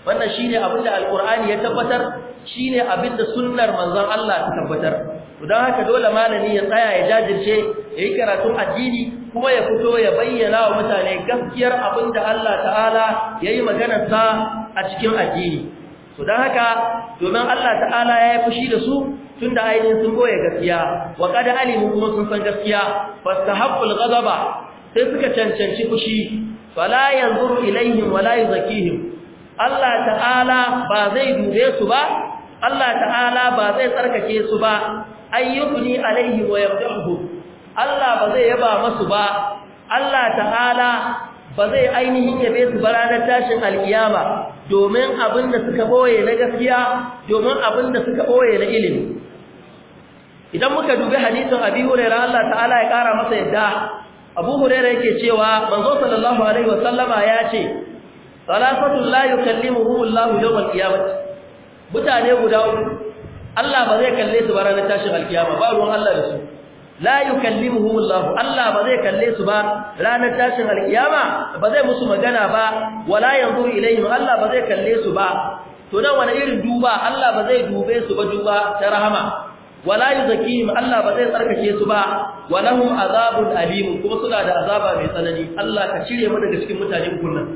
wannan shine abin da alƙur'ani ya tabbatar shine abin da sunnar manzon Allah ta tabbatar to haka dole malami ya tsaya ya jajirce ya yi karatun addini kuma ya fito ya bayyana wa mutane gaskiyar abin da Allah ta'ala ya yi sa a cikin addini to don haka domin Allah ta'ala ya yi fushi da su tunda da ainihin sun goye gaskiya wa kada alimu kuma sun san gaskiya fastahabbul ghadaba sai suka cancanci fushi fala yanzuru ilaihim wala yuzakihim Allah ta'ala ba zai dube su ba Allah ta'ala ba zai tsarkake su ba ayyubni alaihi wa yardahu Allah ba zai yaba masu ba Allah ta'ala ba zai ainihin yabe su baranar tashin alkiyama domin abin da suka boye na gaskiya domin abin da suka boye na ilimi idan muka dubi hadisin abi hurairah Allah ta'ala ya kara masa yadda abu hurairah yake cewa manzo sallallahu alaihi wa sallama ya ce salatu la yukallimuhu Allah yawm alqiyamah mutane guda uku Allah ba zai kalle su ba ranar tashin alkiyama ba ruwan Allah da su la yukallimuhum Allah Allah ba zai kalle su ba ranar tashin alkiyama ba zai musu magana ba wala yanzuru ilaihim Allah ba zai kalle su ba to nan wani irin duba Allah ba zai dube su ba duba ta rahama wala yuzakihim Allah ba zai tsarkake su ba walahum azabun alim kuma suna da azaba mai tsanani Allah ka cire mu daga cikin mutanen kunnan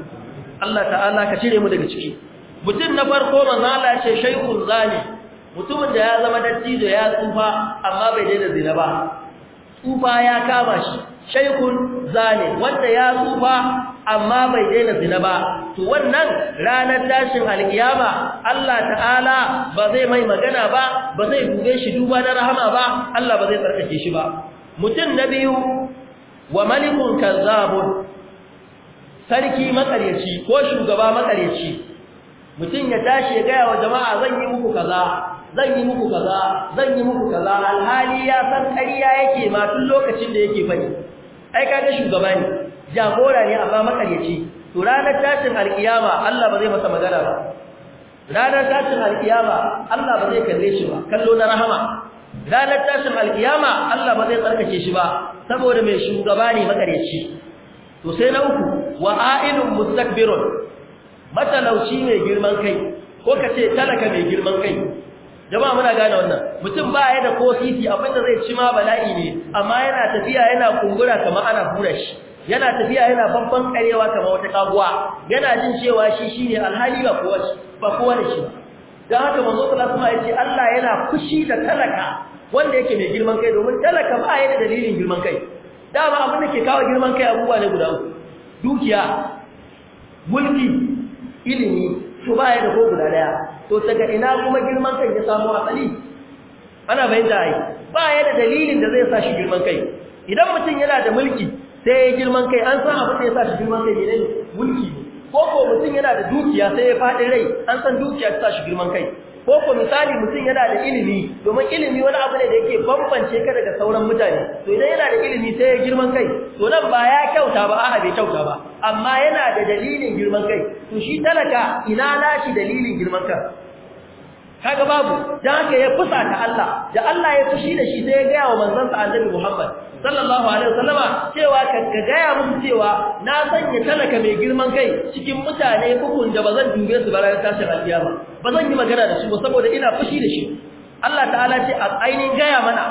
Allah ta'ala ka cire mu daga ciki mutum na farko manzo Allah ya ce shaykhun zalim mutumin da ya zama dattijo ya tsufa amma bai daina zina ba tsufa ya kama shi shaikun zane wanda ya tsufa amma bai daina zina ba to wannan ranar tashin alkiyama Allah ta'ala ba zai mai magana ba ba zai buge shi duba na rahama ba Allah ba zai tsarkake shi ba mutum na biyu wa malikun kazzabun sarki makaryaci ko shugaba makareci mutum ya tashi ya gaya wa jama'a zan yi muku kaza zan yi muku kaza zan yi muku kaza alhali ya san ƙarya yake ma tun lokacin da yake fani ai kaga shugaba ne jagora ne amma makaryaci to ranar tashin alkiyama Allah ba zai masa magana ba ranar tashin alkiyama Allah ba zai kalle shi ba kallo na rahama ranar tashin alkiyama Allah ba zai tsarkake shi ba saboda mai shugaba ne makaryaci to sai na uku wa a'ilun mustakbirun matalauci mai girman kai ko kace talaka mai girman kai jama'a muna gane wannan mutum ba ya da ko sisi abinda zai ci ma bala'i ne amma yana tafiya yana kungura kamar ana hura shi yana tafiya yana babban karewa kamar wata kaguwa yana jin cewa shi shine alhali ba kowa ba kowa da shi dan haka manzo Allah kuma yace Allah yana kushi da talaka wanda yake mai girman kai domin talaka ba ya da dalilin girman kai dama abin da ke kawo girman kai abubuwa ne guda uku dukiya mulki ilimi su ba ya da ko guda daya to daga ina kuma girman kai ya samu asali ana bayyana ai ba ya da dalilin da zai sa shi girman kai idan mutum yana da mulki sai ya girman kai an san abin da ya sa shi girman kai ne mulki ko ko mutum yana da dukiya sai ya faɗi rai an san dukiya ta sa shi girman kai ko ko misali mutum yana da ilimi domin ilimi wani abu ne da yake bambance ka daga sauran mutane to idan yana da ilimi sai ya girman kai to nan ba ya kyauta ba a bai kyauta ba amma yana da dalilin girman kai to shi talaka ina shi dalilin girman kai kaga babu dan haka ya fusa ta Allah da Allah ya fushi da shi sai ya ga wa manzon sa Annabi Muhammad sallallahu alaihi wasallama cewa ka gaya mun cewa na sanya talaka mai girman kai cikin mutane hukun da bazan dube su bara tashin alkiyama bazan yi magana da su ba saboda ina fushi da shi Allah ta'ala ce a ainihin gaya mana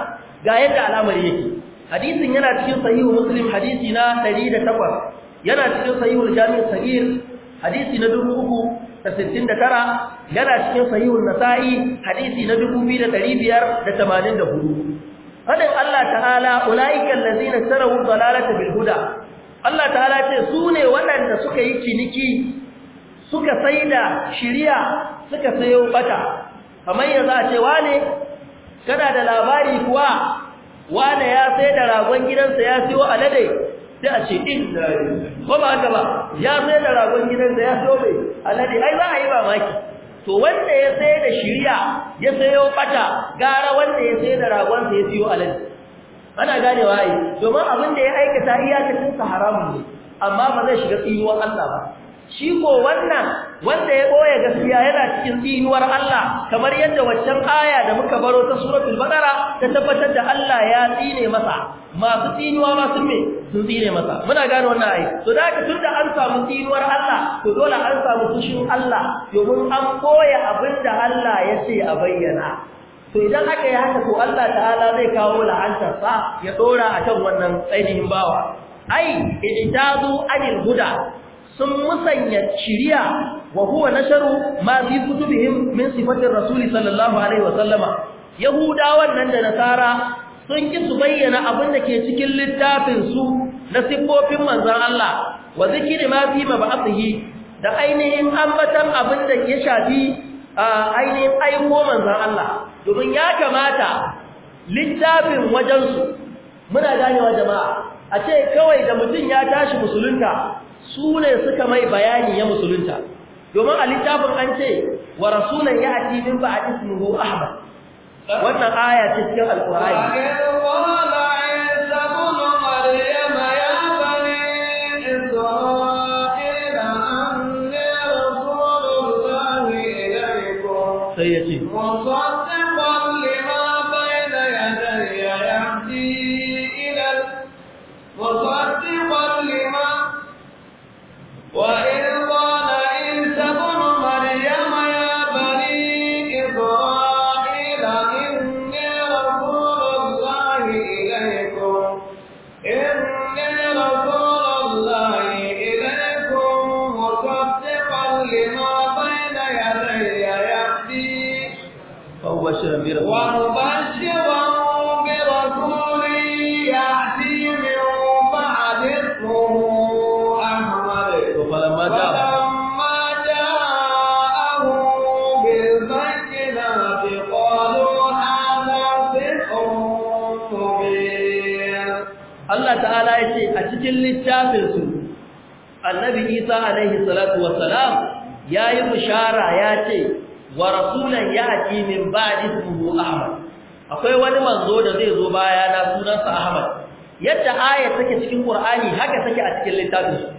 ga yadda al'amari yake hadisin yana cikin sahihu muslim hadisi na 108 yana cikin sahihu jami' sahih hadisi na 369 yana cikin sahihu nasa'i hadisi na 2584 Fadin Allah ta'ala ulaiikal ladina tarahu dalalata bil huda. Allah ta'ala ce su ne waɗanda suka yi ciniki suka saida shiriya suka sayo bata. Kamar yanzu a ce wane kana da labari kuwa wane ya saida ragon gidansa ya siyo alade sai a ce in ko ba haka ba ya saida ragon gidansa ya siyo mai alade ai za a yi mamaki. to wanda ya sai da shirya ya sayo bata gara wanda ya sayar da ragon sai ya siyo alal ana ganewa ai domin abin da ya aikata iyakacin sa haramun ne amma ba zai shiga tsinuwar Allah ba shi ko wannan wanda ya boye gaskiya yana cikin tsinuwar Allah kamar yadda waccan aya da muka baro ta suratul baqara ta tabbatar da Allah ya tsine masa masu tsinuwa ma sun me sun tsine masa muna gane wannan ayi to da ka tunda an samu tsinuwar Allah to dole an samu fushin Allah domin an boye abinda Allah ya ce a bayyana to idan aka yi haka to Allah ta'ala zai kawo sa ya dora kan wannan tsanin bawa ai zo anil huda sun musanya shiriya وهو نشر ما ma fi من صفات الرسول صلى sallallahu alaihi وسلم يهودا wannan da nasara sun ki su bayyana abin da ke cikin littafin su na siffofin manzon Allah wa zikri ma fi mab'athihi da ainihin ambatan abin da ya shafi ainihin aiko manzon Allah domin ya kamata littafin wajensu muna ganewa jama'a a ce kawai da mutum ya tashi musulunta su ne suka mai bayani ya musulunta domin a littafin an ce wa rasulan ya'ti min ba'd ismihi ahmad wannan aya ce cikin alqur'ani sai ya Allah ta'ala ya ce a cikin littafinsu annabi isa alaihi salatu wassalam ya yi bishara ya ce wa rasulan ya ci min ba'di ahmad akwai wani manzo da zai zo baya na sunansa ahmad yadda aya take cikin qur'ani haka take a cikin littafinsu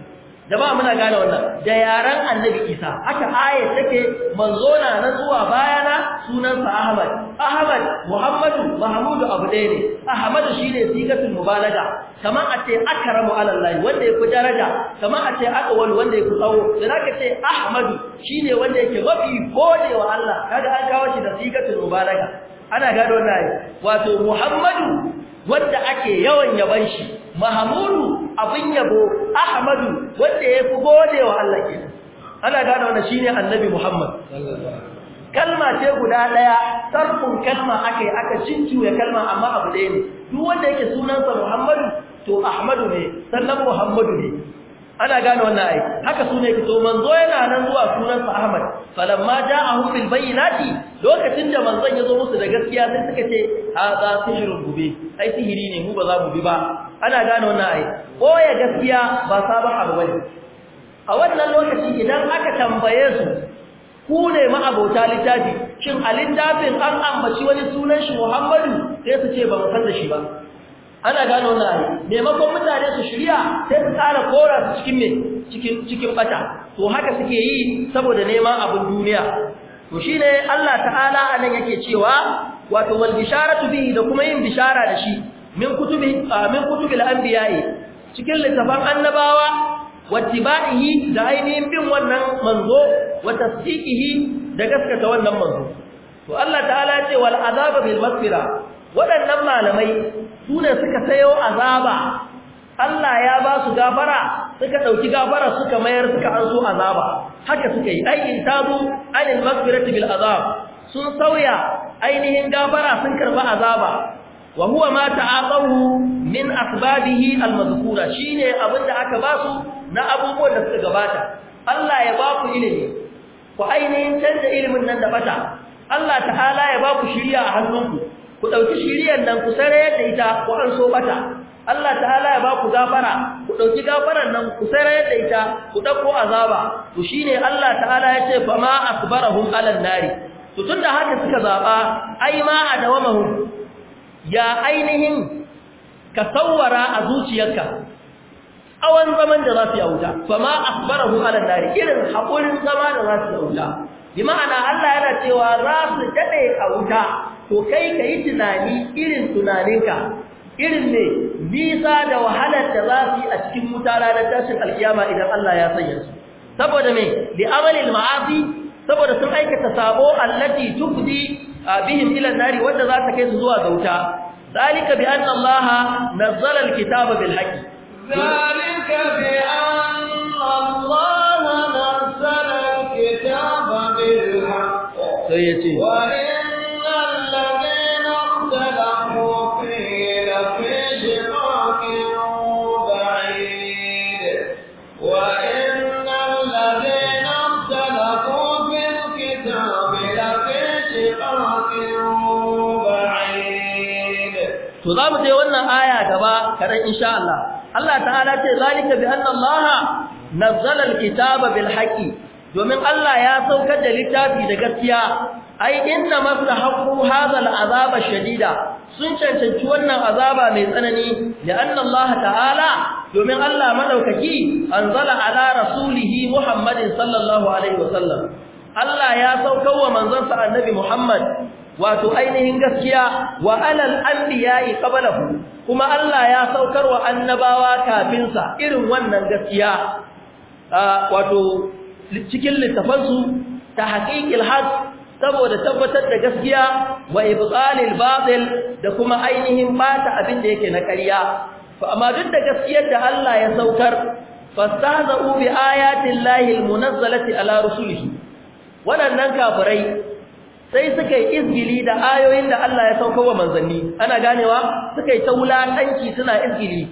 Da jama'a muna gane wannan da yaran annabi isa aka aya take manzo na nan zuwa bayana sunansa ahmad ahmad muhammadu mahmudu abu ɗaya ne ahmadu shine sigatul mubalaga kaman a ce ala Allah, wanda yake daraja kaman a ce aqwal wanda yake tsawo da naka ce ahmadu shine wanda yake mafi godewa Allah kaga an kawo shi da sigatul mubalaga ana gado wannan wato muhammadu wanda ake yawan yaban shi mahmudu abin yabo ahmadu wanda ya fi gode wa Allah ke ana gane wannan shine annabi Muhammad kalma ce guda daya sarfun kalma akai aka ya kalma amma abu daya ne duk wanda yake sunansa Muhammadu to Ahmadu ne sannan Muhammadu ne ana gane wannan ai haka sune ke to manzo yana nan zuwa sunansa Ahmad falamma ja'ahum bil bayyinati lokacin da manzon ya zo musu da gaskiya sai suka ce hadha sihrun gube ai sihiri ne mu ba za mu bi ba ana gane wannan ai 'Koya gaskiya ba sabon abu bane a wannan lokaci idan aka tambaye su ku ne abota littafi shin a littafin an ambaci wani sunan shi Muhammadu sai su ce ba mu san da shi ba ana gano wannan ai maimakon mutane su shirya sai su tsara kora su cikin me cikin cikin bata to haka suke yi saboda neman abin duniya to shine Allah ta'ala anan yake cewa wato wal bisharatu bihi da kuma yin bishara da shi min kutubi ah, min kutubil anbiya'i cikin littafan annabawa wattiba'ihi da ainihin bin wannan manzo wa tasdiqihi da gaskata wannan manzo to Allah ta'ala ya ce wal azaba bil waɗannan malamai sune suka sayo azaba Allah ya ba su gafara suka dauki gafara suka mayar suka anso azaba haka suka yi ai in tabu anil maghfirati bil azab sun sauya ainihin gafara sun karba azaba wa huwa ma ta'aqahu min asbabihi almadhkura shine abinda aka basu na abubuwan da suka gabata Allah ya ba ku ilimi ku ainihin canza ilimin nan da bata Allah ta'ala ya ba ku shiriya a hannunku ku dauki shiriyar nan ku sare yadda ita ku an so bata Allah ta'ala ya ba ku gafara ku dauki gafaran nan ku sare yadda ita ku dauko azaba to shine Allah ta'ala ya ce fama asbarahum alan nari to tunda haka suka zaba ai ma adawamahum ya ainihin ka a zuciyarka tsawon zaman da za su yi auta fa ma asbarahu ala nari irin haƙurin zama da za su yi bi ma'ana Allah yana cewa za su daɗe a wuta to kai ka yi tunani irin tunaninka irin ne nisa da wahalar da za su yi a cikin wuta ranar tashin alkiyama idan Allah ya sanya su saboda mai li amalil ma'asi saboda sun aikata sabo allati tubdi bihim ila nari wanda za ta kai su zuwa gauta zalika bi anna allaha nazzala alkitaba bil haqqi zalika bi anna allaha nazzala alkitaba bil sai yace kadan insha Allah Allah ta'ala ce zalika bi anna Allah nazzala alkitaba bil haqqi domin Allah ya saukar da littafi da gaskiya ai inna maslahahu hadha azabar shadida sun cancanci wannan azaba mai tsanani da anna Allah ta'ala domin Allah madaukaki anzala ala rasulihi Muhammadin sallallahu alaihi sallam. Allah ya saukar wa manzon sa annabi Muhammad wato ainihin gaskiya wa alal anbiya'i qablahu kuma Allah ya saukar wa annabawa kafin sa irin wannan gaskiya wato cikin littafansu ta haqiqil haq saboda tabbatar da gaskiya wa ibtalil batil da kuma ainihin bata abin da yake na ƙarya fa amma duk da gaskiyar da Allah ya saukar fastahza'u bi ayati llahi almunazzalati ala rusulihi wadannan kafirai sai suka yi izgili da ayoyin da Allah ya sauka wa manzanni ana ganewa suka yi ta wulakanci suna izgili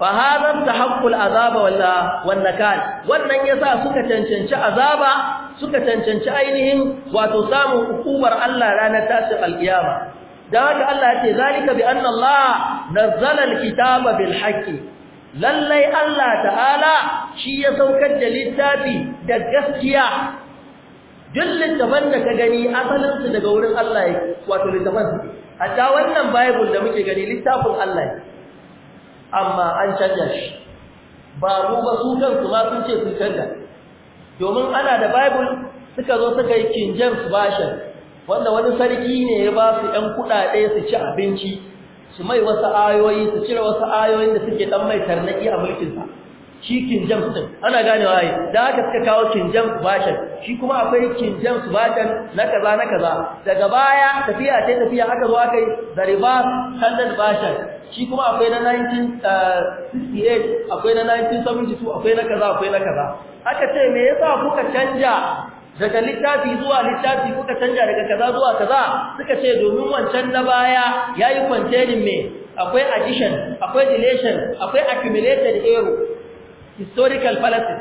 fa hadha tahaqqul azaba walla wan nakan wannan yasa suka cancanci azaba suka cancanci ainihin wato samun hukumar Allah ranar tashin alkiyama dan haka Allah ya ce zalika bi anna Allah nazzala alkitaba bil haqqi lallai Allah ta'ala shi ya saukar da littafi da gaskiya duk littafan da ka gani asalin su daga wurin Allah yake wato littafan su ta wannan bible da muke gani littafin Allah yake amma an canja shi ba mu ba su su ma sun ce sun canja domin ana da bible suka zo suka yi king james version wanda wani sarki ne ya ba su ɗan kuɗaɗe su ci abinci su mai wasu ayoyi su cire wasu ayoyin da suke ɗan mai tarnaki a mulkinsa shi King James ana ganewa yi da aka suka kawo King James bashan. shi kuma akwai King James bashan na kaza na kaza daga baya tafiya ta tafiya aka zo aka yi the reverse standard shi kuma akwai na 1968 uh, akwai na 1972 akwai na kaza akwai na kaza aka ce me yasa kuka canja daga littafi zuwa littafi kuka canja daga kaza zuwa kaza suka ce domin wancan na baya yayi containing me akwai addition akwai deletion akwai accumulated error historical fallacy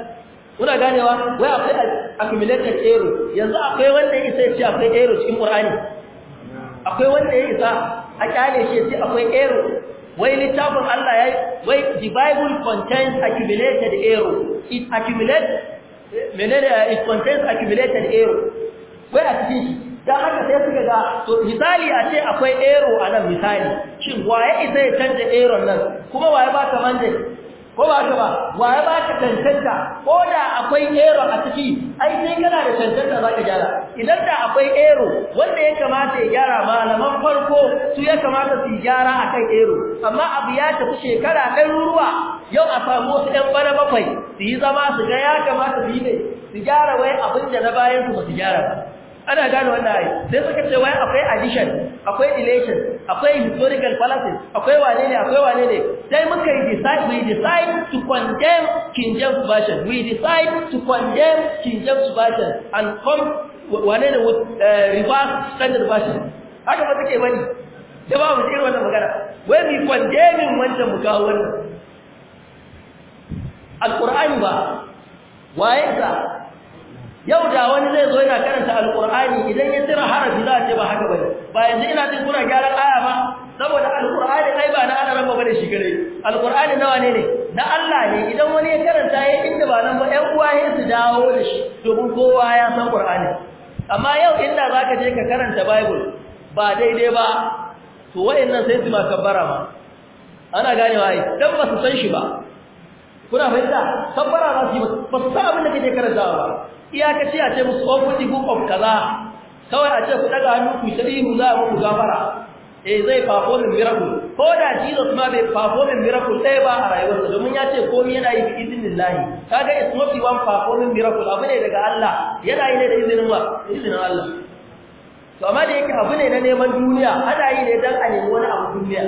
kuna ganewa wai akwai accumulated error yanzu akwai wanda ya isa ya ce akwai error cikin qur'ani akwai wanda ya isa a kyale shi ya ce akwai error wai littafin Allah ya wai the bible contains accumulated error it accumulate. menene uh, it contains accumulated error wai a cikin shi dan haka sai suka ga to misali a ce akwai error a nan misali shin waye isa ya canza error nan kuma waye ba ta mandate ko ba ta ba wa ya ba ka tantanta ko da akwai ero a ciki ai sai kana da tantanta ka gyara idan da akwai ero wanda ya kamata ya gyara malaman farko su ya kamata su gyara akan ero amma abu ya tafi shekara ɗan ruwa yau a samu wasu ɗan bana bakwai su yi zama su ga ya kamata su yi ne su gyara wai abin da na bayan su ba su gyara ba ana gane wannan ai sai suka ce wai akwai addition akwai elation akwai historical fallacy akwai wane ne akwai wane ne sai muka yi decide we decide to condemn King James version we decide to condemn King James version and come wane ne with uh, reverse standard version haka ba suke bani da ba mu irin wannan magana wai mi condemning wanda mu kawo wannan alqur'ani ba waye ka yau da wani zai zo yana karanta alkur'ani idan ya tsira harafi za a ce ba haka bane ba yanzu ina jin kuna gyaran aya ba saboda alkur'ani ai ba na ana ba bane shi gare alkur'ani nawa ne ne na Allah ne idan wani ya karanta ya inda ba nan ba ɗan uwa ya su dawo da shi domin kowa ya san qur'ani amma yau inda zaka je ka karanta bible ba daidai ba to wayannan sai su ma kabbara ma ana ganewa ai dan ba su san shi ba kuna fahimta tabbara za su yi ba su san abin da kake karantawa ba iyakaci a ce musu ofisi the book of kaza kawai a ce ku daga hannu ku sai mu za mu gafara eh zai min miraku. ko da Jesus ma bai min miraku ɗaya ba a rayuwarsa domin ya ce komi yana yi bi idinillahi kaga it's not the fafo min miraku abu ne daga Allah yana yi ne da izinin wa izinin Allah to amma da yake abu ne na neman duniya ana yi ne don a nemi wani abu duniya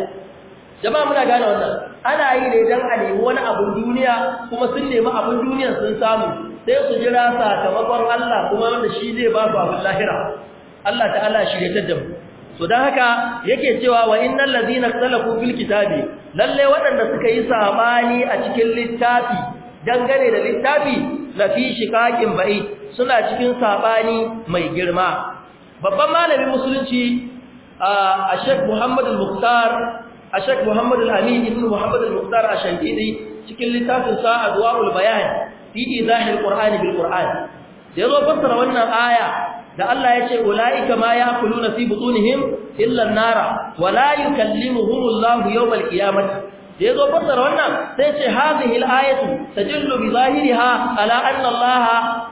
jama'a muna gane wannan ana yi ne don a nemi wani abin duniya kuma sun nemi abin duniya sun samu sai su jira sakamakon Allah kuma wanda shi zai ba su abin lahira Allah ta'ala shi ya tadda mu so dan haka yake cewa wa innal ladina ikhtalafu fil kitabi lalle waɗanda suka yi sabani a cikin littafi dangane da littafi la fi shiqaqin ba'i suna cikin sabani mai girma babban malamin musulunci a Sheikh Muhammadu al a Muhammad al-Amin ibn Muhammadu al-Muqtar Ashandidi cikin littafin sa Adwaul Bayan fi izahil Qur'ani bil ƙurani da zo fassara wannan aya da Allah yace ulaika ma yaquluna fi butunihim illa nara wa la yukallimuhumullahu yawmal qiyamah da zo fassara wannan sai ce hadhihi al-ayatu tajillu bi zahiriha ala anna Allah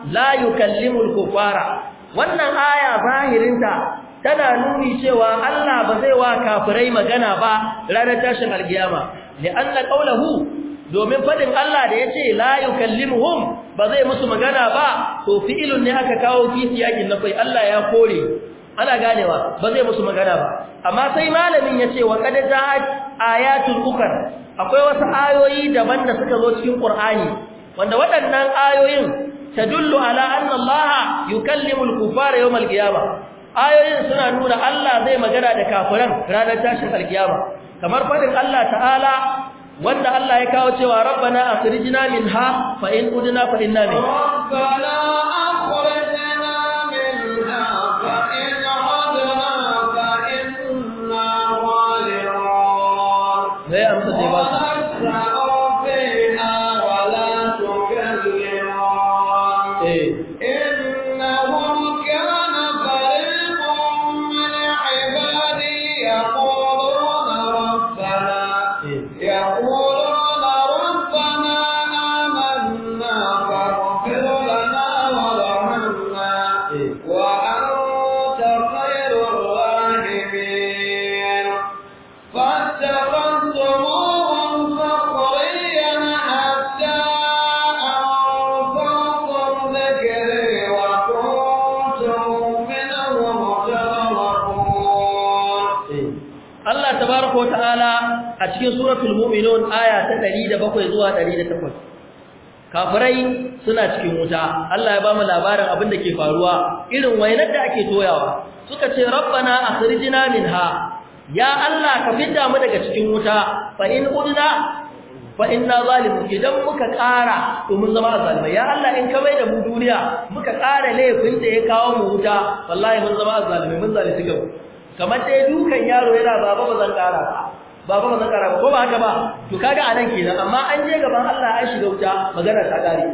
layu, yukallimu al wannan aya zahirinta tana nuni cewa Allah ba zai wa kafirai magana ba ranar tashin alkiyama Allah qawluhu domin fadin Allah da yace la yukallimuhum ba zai musu magana ba to fi'ilun ne aka kawo fi na nafai Allah ya kore ana ganewa ba zai musu magana ba amma sai malamin yace wa qad ja'at ayatul ukhra akwai wasu ayoyi daban da suka zo cikin Qur'ani wanda waɗannan ayoyin tadullu ala anna Allah yukallimu al-kuffara qiyamah ayoyin suna nuna Allah zai magana da kafiran ranar tashin alkiyama kamar fadin Allah ta'ala wanda Allah ya kawo cewa rabbana akhrijna minha fa in udna fa inna min rabbana akhrijna minha fa in udna fa inna walidun sai amsa dai ba فاتخذتموهم سخريا حتى أنصرتم ذكري وكنتم منه متبركون الله تبارك ta ɗari سورة المؤمنون آية 107 زوها 108 kafirai suna cikin wuta Allah ya bamu labarin abin da ke faruwa irin wainar da ake toyawa suka ce rabbana akhrijna minha ya Allah ka fidda mu daga cikin wuta fa in qulna fa inna zalimun idan muka ƙara to mun zama zalima ya Allah in ka mai da mu duniya muka ƙara laifin da ya kawo mu wuta wallahi mun zama zalimi mun zalunci gaba kamar dai dukan yaro yana baba ba zan ƙara ba baba ba zan ƙara ba ko ba haka ba to kaga anan kenan amma an je gaban Allah an shiga wuta magana ta ƙare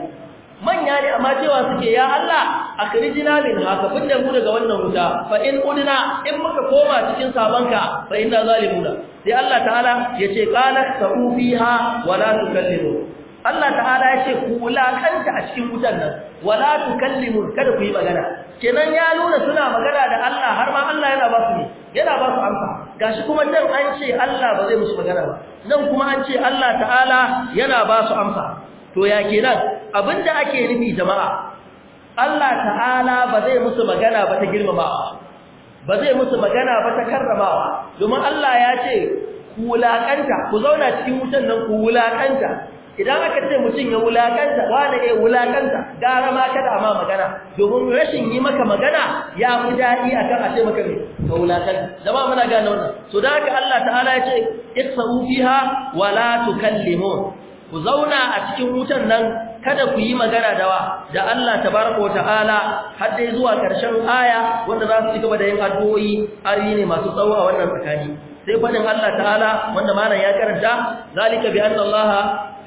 manya ne amma cewa suke ya Allah akhrijna min haka fidda mu daga wannan wuta fa in udna in muka koma cikin sabanka fa inna zalimuna sai Allah ta'ala yace qala sa'u fiha wa la tukallimu Allah ta'ala yace ku kanta a cikin wutan nan wa la tukallimu kada ku yi magana kenan ya nuna suna magana da Allah har ma Allah yana ba su ne, yana ba su amsa gashi kuma dan an ce Allah ba zai musu magana ba nan kuma an ce Allah ta'ala yana ba su amsa to ya kenan abinda ake nufi jama'a Allah ta'ala ba zai musu magana ba ta girmamawa ba zai musu magana ba ta karramawa domin Allah ya ce ku wulakanta ku zauna cikin wutan nan ku wulakanta idan aka ce mutum ya wulakanta wani ya wulakanta gara ma kada ma magana domin rashin yi maka magana ya fi daɗi akan a ce maka ne ka wulakanta zama muna gane wannan so da haka Allah ta'ala ya ce ikfa'u fiha wala tukallimun ku zauna a cikin wutan nan kada ku yi magana da wa da Allah tabaraka wa ta'ala har dai zuwa karshen aya wanda za su ci gaba da yin addu'o'i ari ne masu tsawo a wannan tsakani sai fadin Allah ta'ala wanda malam ya karanta zalika bi anna Allah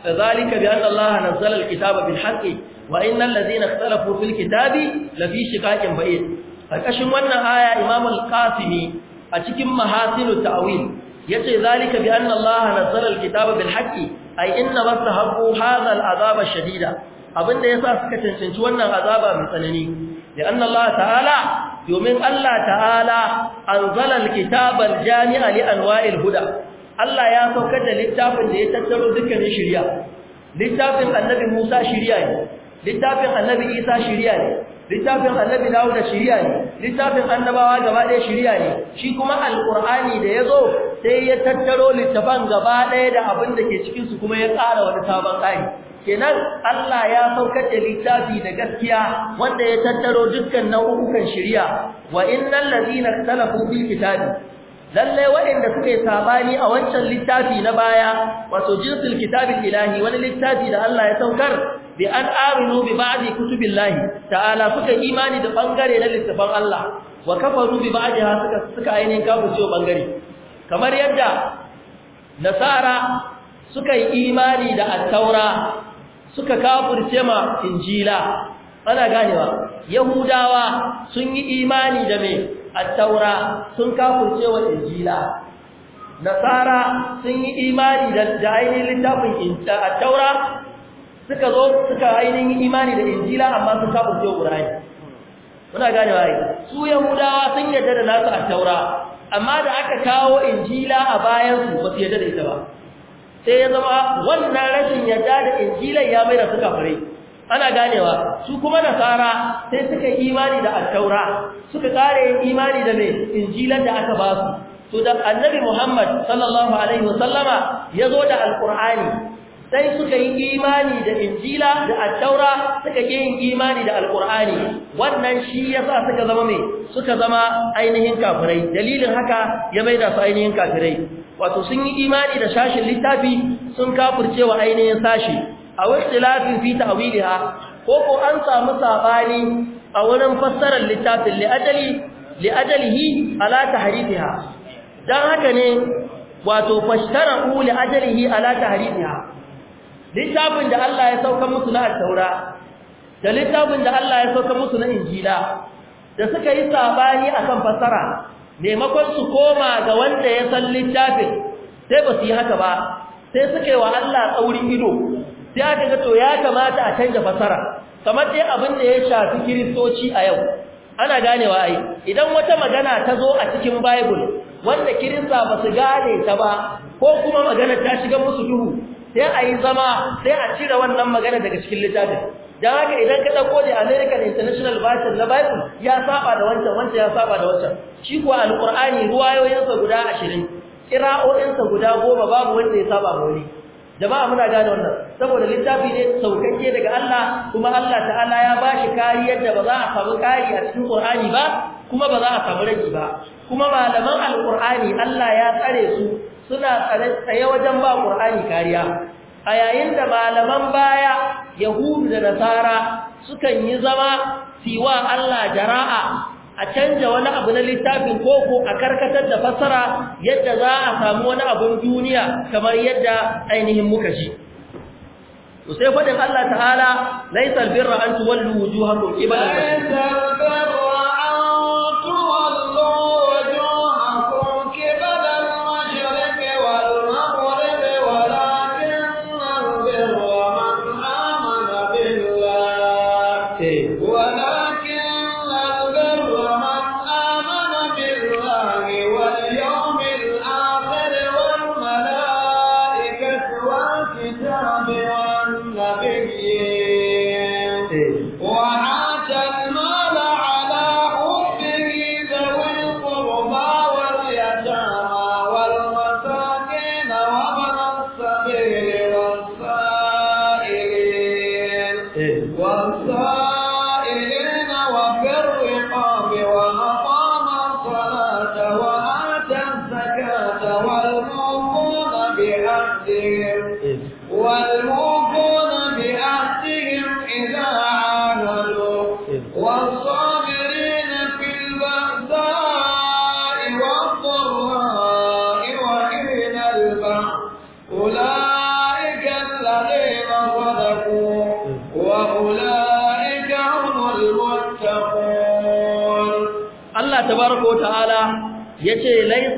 zalika bi anna Allah nazzala al bil haqqi wa innal ladhina ikhtalafu fil kitabi lafi shiqaqin ba'id karkashin wannan aya Imam al-Qasimi a cikin mahasinu ta'wil yace zalika bi anna Allah nazzala kitaba bil haqqi ai inna wastahabu hadha al'azaba shadida abinda yasa suka cancanci wannan azaba mai tsanani da anna Allah ta'ala domin Allah ta'ala anzala alkitaba aljami'a li anwa'il huda Allah ya saukar da littafin da ya tattaro dukkanin shari'a littafin annabi Musa shari'a ne littafin annabi Isa shari'a ne littafin annabi dawo da shiriya ne littafin annabawa gaba ɗaya shiriya ne shi kuma alkur'ani da ya zo sai ya tattaro littafan gaba ɗaya da abin da ke cikin su kuma ya ƙara wani sabon ƙari kenan Allah ya saukar da littafi da gaskiya wanda ya tattaro dukkan nau'ukan shiriya wa innal ladina ikhtalafu fil kitabi lallai waɗanda suka sabani a wancan littafi na baya wato jinsul kitabin ilahi wani littafi da Allah ya saukar bi an aminu bi ba'di kutubillahi ta'ala suka imani da bangare na littafin Allah wa kafaru bi ha suka suka ainihin kafirce bangare kamar yadda nasara suka yi imani da at-taura suka kafirce ma injila ana ganewa yahudawa sun yi imani da me at-taura sun kafirce wa injila nasara sun yi imani da ainihin littafin at-taura suka zo suka ainihin imani da injila amma sun kafin cewa ƙur'ani muna gane wa su yahudawa sun yarda da nasu a taura amma da aka kawo injila a bayansu ba su yarda da ita ba sai ya zama wannan rashin yadda da injila ya mai da su kafirai ana ganewa su kuma nasara sai suka imani da attaura suka kare imani da mai injilan da aka ba su to da annabi muhammad sallallahu alaihi wasallama ya zo da alkur'ani sai suka yi imani da injila da attaura suka yi imani da alkur'ani wannan shi yasa suka zama mai suka zama ainihin kafirai dalilin haka ya maida su ainihin kafirai wato sun yi imani da shashin littafi sun kafirce wa ainihin sashi a lafin fi ta'wiliha ko ko an samu sabani a wurin fassarar littafin li'ajali li'ajalihi ala tahrifiha dan haka ne wato ku li'ajalihi ala tahrifiha littafin da Allah ya sauka musu na taura da littafin da Allah ya sauka musu na injila da suka yi sabani akan fasara maimakon su koma ga wanda ya san littafin sai ba su yi haka ba sai suka yi wa Allah tsaurin ido sai aka ga to ya kamata a canja fasara kamar dai abin da ya shafi kiristoci a yau ana ganewa ai idan wata magana ta zo a cikin bible wanda kirista ba su gane ta ba ko kuma magana ta shiga musu duhu sai a yi zama sai a cire wannan magana daga cikin littafin don haka idan ka ɗauko da american international Bible na bible ya saba da wancan wancan ya saba da wancan shi kuwa ruwayoyin sa guda ashirin sa guda goma babu wanda ya saba da wani jama'a muna gane wannan saboda littafi ne saukakke daga Allah kuma Allah ta'ala ya bashi kariyar da ba za a samu kari a cikin Qur'ani ba kuma ba za a samu rage ba kuma malaman alqur'ani Allah ya tsare su suna tsare tsaye wajen ba Qur'ani kariya a yayin da malaman baya yahudu da nasara sukan yi zama siwa Allah jara'a a canja wani abu na littafin koko a karkatar da fassara yadda za a samu wani abun duniya kamar yadda ainihin muka ji to sai Allah ta'ala laysal birra an tuwallu wujuhakum qibala al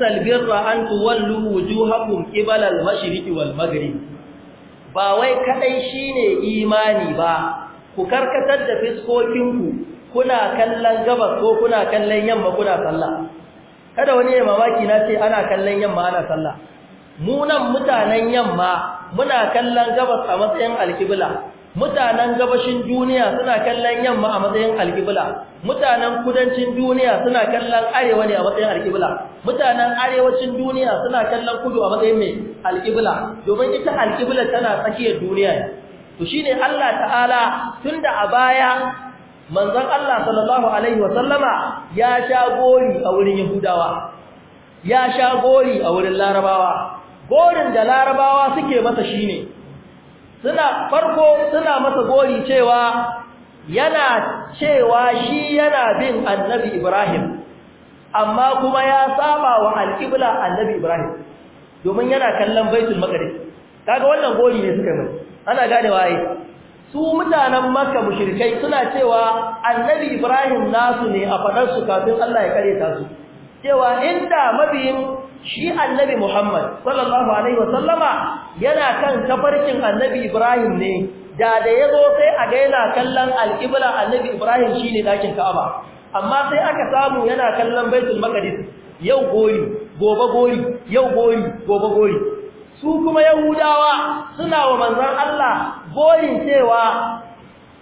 laisa albirra an tuwallu wujuhakum qibala al-mashriq wal maghrib ba wai kadai shine imani ba ku karkatar da fiskokinku kuna kallon gabas ko kuna kallon yamma kuna sallah kada wani ya mamaki na ce ana kallon yamma ana sallah mu nan mutanen yamma muna kallon gabas a matsayin alqibla mutanen gabashin duniya suna kallon yamma a matsayin alkibla mutanen kudancin duniya suna kallon arewa ne a matsayin alƙibla mutanen arewacin duniya suna kallon kudu a matsayin mai alƙibla domin ita alkibla tana tsakiyar duniya to shine Allah ta'ala tunda a baya manzon Allah sallallahu alaihi wasallama ya sha gori a wurin yahudawa ya sha gori a wurin larabawa gorin da larabawa suke masa shine suna farko suna masa gori cewa yana cewa shi yana bin annabi Ibrahim amma kuma ya saba wa alƙibla annabi Ibrahim domin yana kallon baitul maqdis kaga wannan gori ne suka mai ana gane waye su mutanen makka mushrikai suna cewa annabi Ibrahim nasu ne a fadar su kafin Allah ya kare ta su cewa inda mabiyin shi annabi Muhammad sallallahu alaihi wasallama yana kan tafarkin annabi Ibrahim ne da da yazo sai a ga yana kallon alqibla annabi Ibrahim shine dakin Ka'aba amma sai aka samu yana kallon Baitul Maqdis yau gori gobe gori yau gori gobe gori su kuma Yahudawa suna wa manzon Allah gorin cewa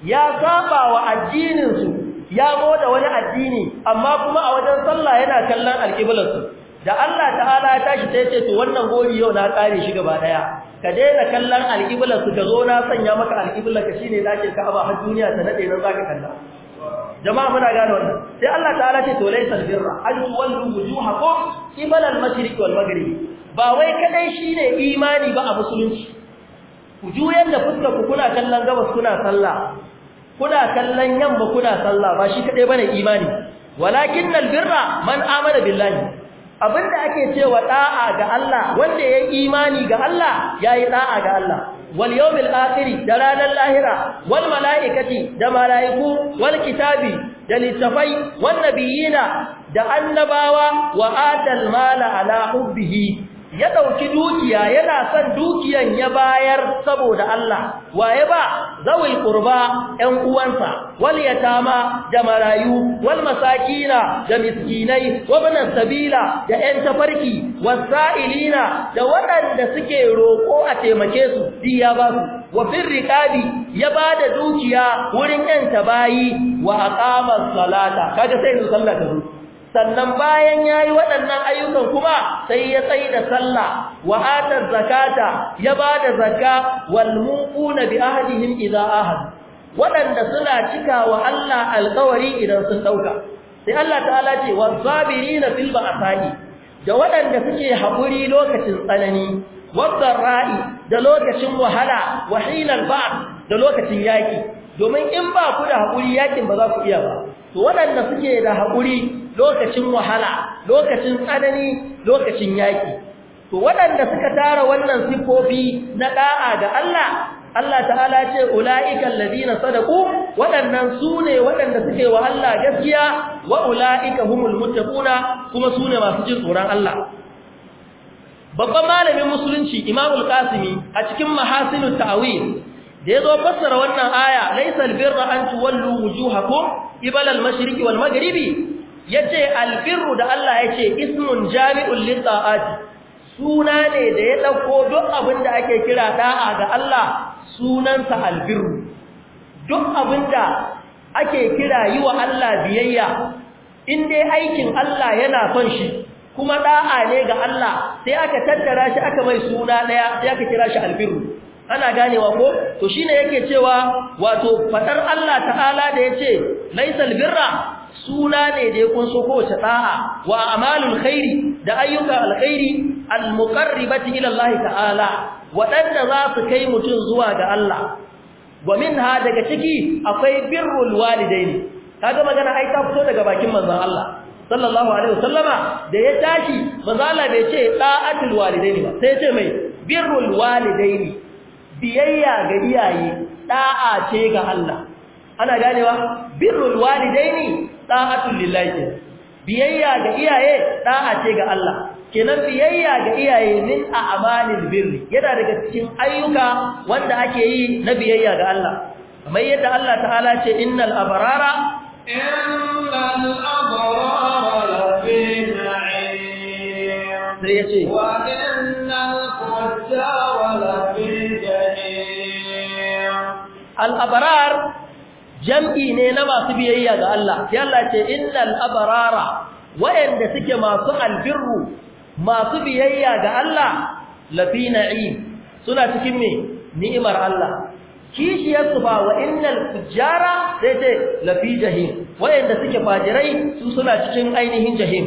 ya saba wa addinin su ya goda wani addini amma kuma a wajen sallah yana kallon alqiblarsu da Allah ta'ala ya tashi sai ce to wannan gori yau na kare shi gaba daya ka daina kallon alƙibla su ka zo na sanya maka alƙibla ka shine ka aba har duniya ta nade nan zaka kalla jama'a muna gane wannan sai Allah ta'ala ce to laysa birra an tuwallu wujuhakum qibala al-mashriq wal maghrib ba wai kadai shine imani ba a musulunci ku juyar da fuskar ku kuna kallon gabas kuna sallah kuna kallon yamma kuna sallah ba shi kadai bane imani walakin al-birra man amana billahi abinda ake cewa da'a ga Allah wanda ya imani ga Allah yayi da'a ga Allah wal yawmil akhir da ranar lahira wal malaikati da malaiku wal kitabi da littattafai, wan nabiyina da annabawa wa atal mala ala hubbihi ya dauki dukiya yana son dukiyan ya bayar saboda Allah waye ba zawil qurba ɗan uwansa wal yatama da marayu wal masakina da miskinai wa sabila da ɗan tafarki wasailina da waɗanda suke roko a taimake su diya ba su wa riqabi ya bada dukiya wurin ɗan tabayi wa aqama salata kaga sai sallah ta sannan bayan yayi waɗannan ayyukan kuma sai ya tsayi da sallah wa ata zakata ya bada zakka wal muquna bi ahdihim idza ahad waɗanda suna cika wa Allah alƙawari idan sun dauka sai Allah ta'ala ce wa sabirina fil ba'sa'i da waɗanda suke haƙuri lokacin tsanani wadda ra'i da lokacin wahala wahilan ba da lokacin yaki domin in ba ku da haƙuri yakin ba za ku iya ba to waɗanda suke da haƙuri lokacin wahala lokacin tsanani lokacin yaki to waɗanda suka tara wannan sifofi na da'a ga Allah Allah ta'ala ce ulaiikal ladina sadaqu waɗannan sune waɗanda suke wa Allah gaskiya wa ulaiika humul muttaquna kuma sune masu jin tsoron Allah babban malamin musulunci Imam al-Qasimi a cikin mahasinut ta'wil da yazo fassara wannan aya laysal birra an tuwallu wujuhakum qibala al-mashriqi wal maghribi yace albirru da Allah ya ce ismun jami'ul lita'ati suna ne da ya ɗauko duk abinda ake kira da'a ga Allah sunansa albirru duk abinda ake kira yi wa Allah biyayya in dai aikin Allah yana son shi kuma ɗa'a ne ga Allah sai aka tattara shi aka mai suna daya sai aka kira shi albirru ana ganewa ko to shine yake cewa wato fadar Allah ta'ala da yace laisal birra suna ne da ya kunso kowace ɗa'a wa amalul khairi da ayyuka alkhairi almuqarribati ila Allah ta'ala wadanda za su kai mutum zuwa ga Allah wa minha daga ciki akwai birrul walidaini kaga magana ai ta fito daga bakin manzon Allah sallallahu alaihi wasallama da ya tashi manzon bai ce da'atul walidaini ba sai ya ce mai birrul walidaini biyayya ga iyaye da'a ce ga Allah ana ganewa birrul walidaini da'atul lillahi biyayya ga iyaye da'a ce ga Allah kenan biyayya ga iyaye min a'malil birri yana daga cikin ayyuka wanda ake yi na biyayya ga Allah kamar yadda Allah ta'ala ce innal abrara innal abrara fi na'im sai yace wa innal fujjara jahim al jam'i ne na masu biyayya ga Allah sai Allah ce innal abarara Wayanda suke masu albirru masu biyayya ga Allah lafi na'im suna cikin me ni'imar Allah kishiyar ba wa innal fujjara sai ce lafi jahim wayanda suke fajirai su suna cikin ainihin jahim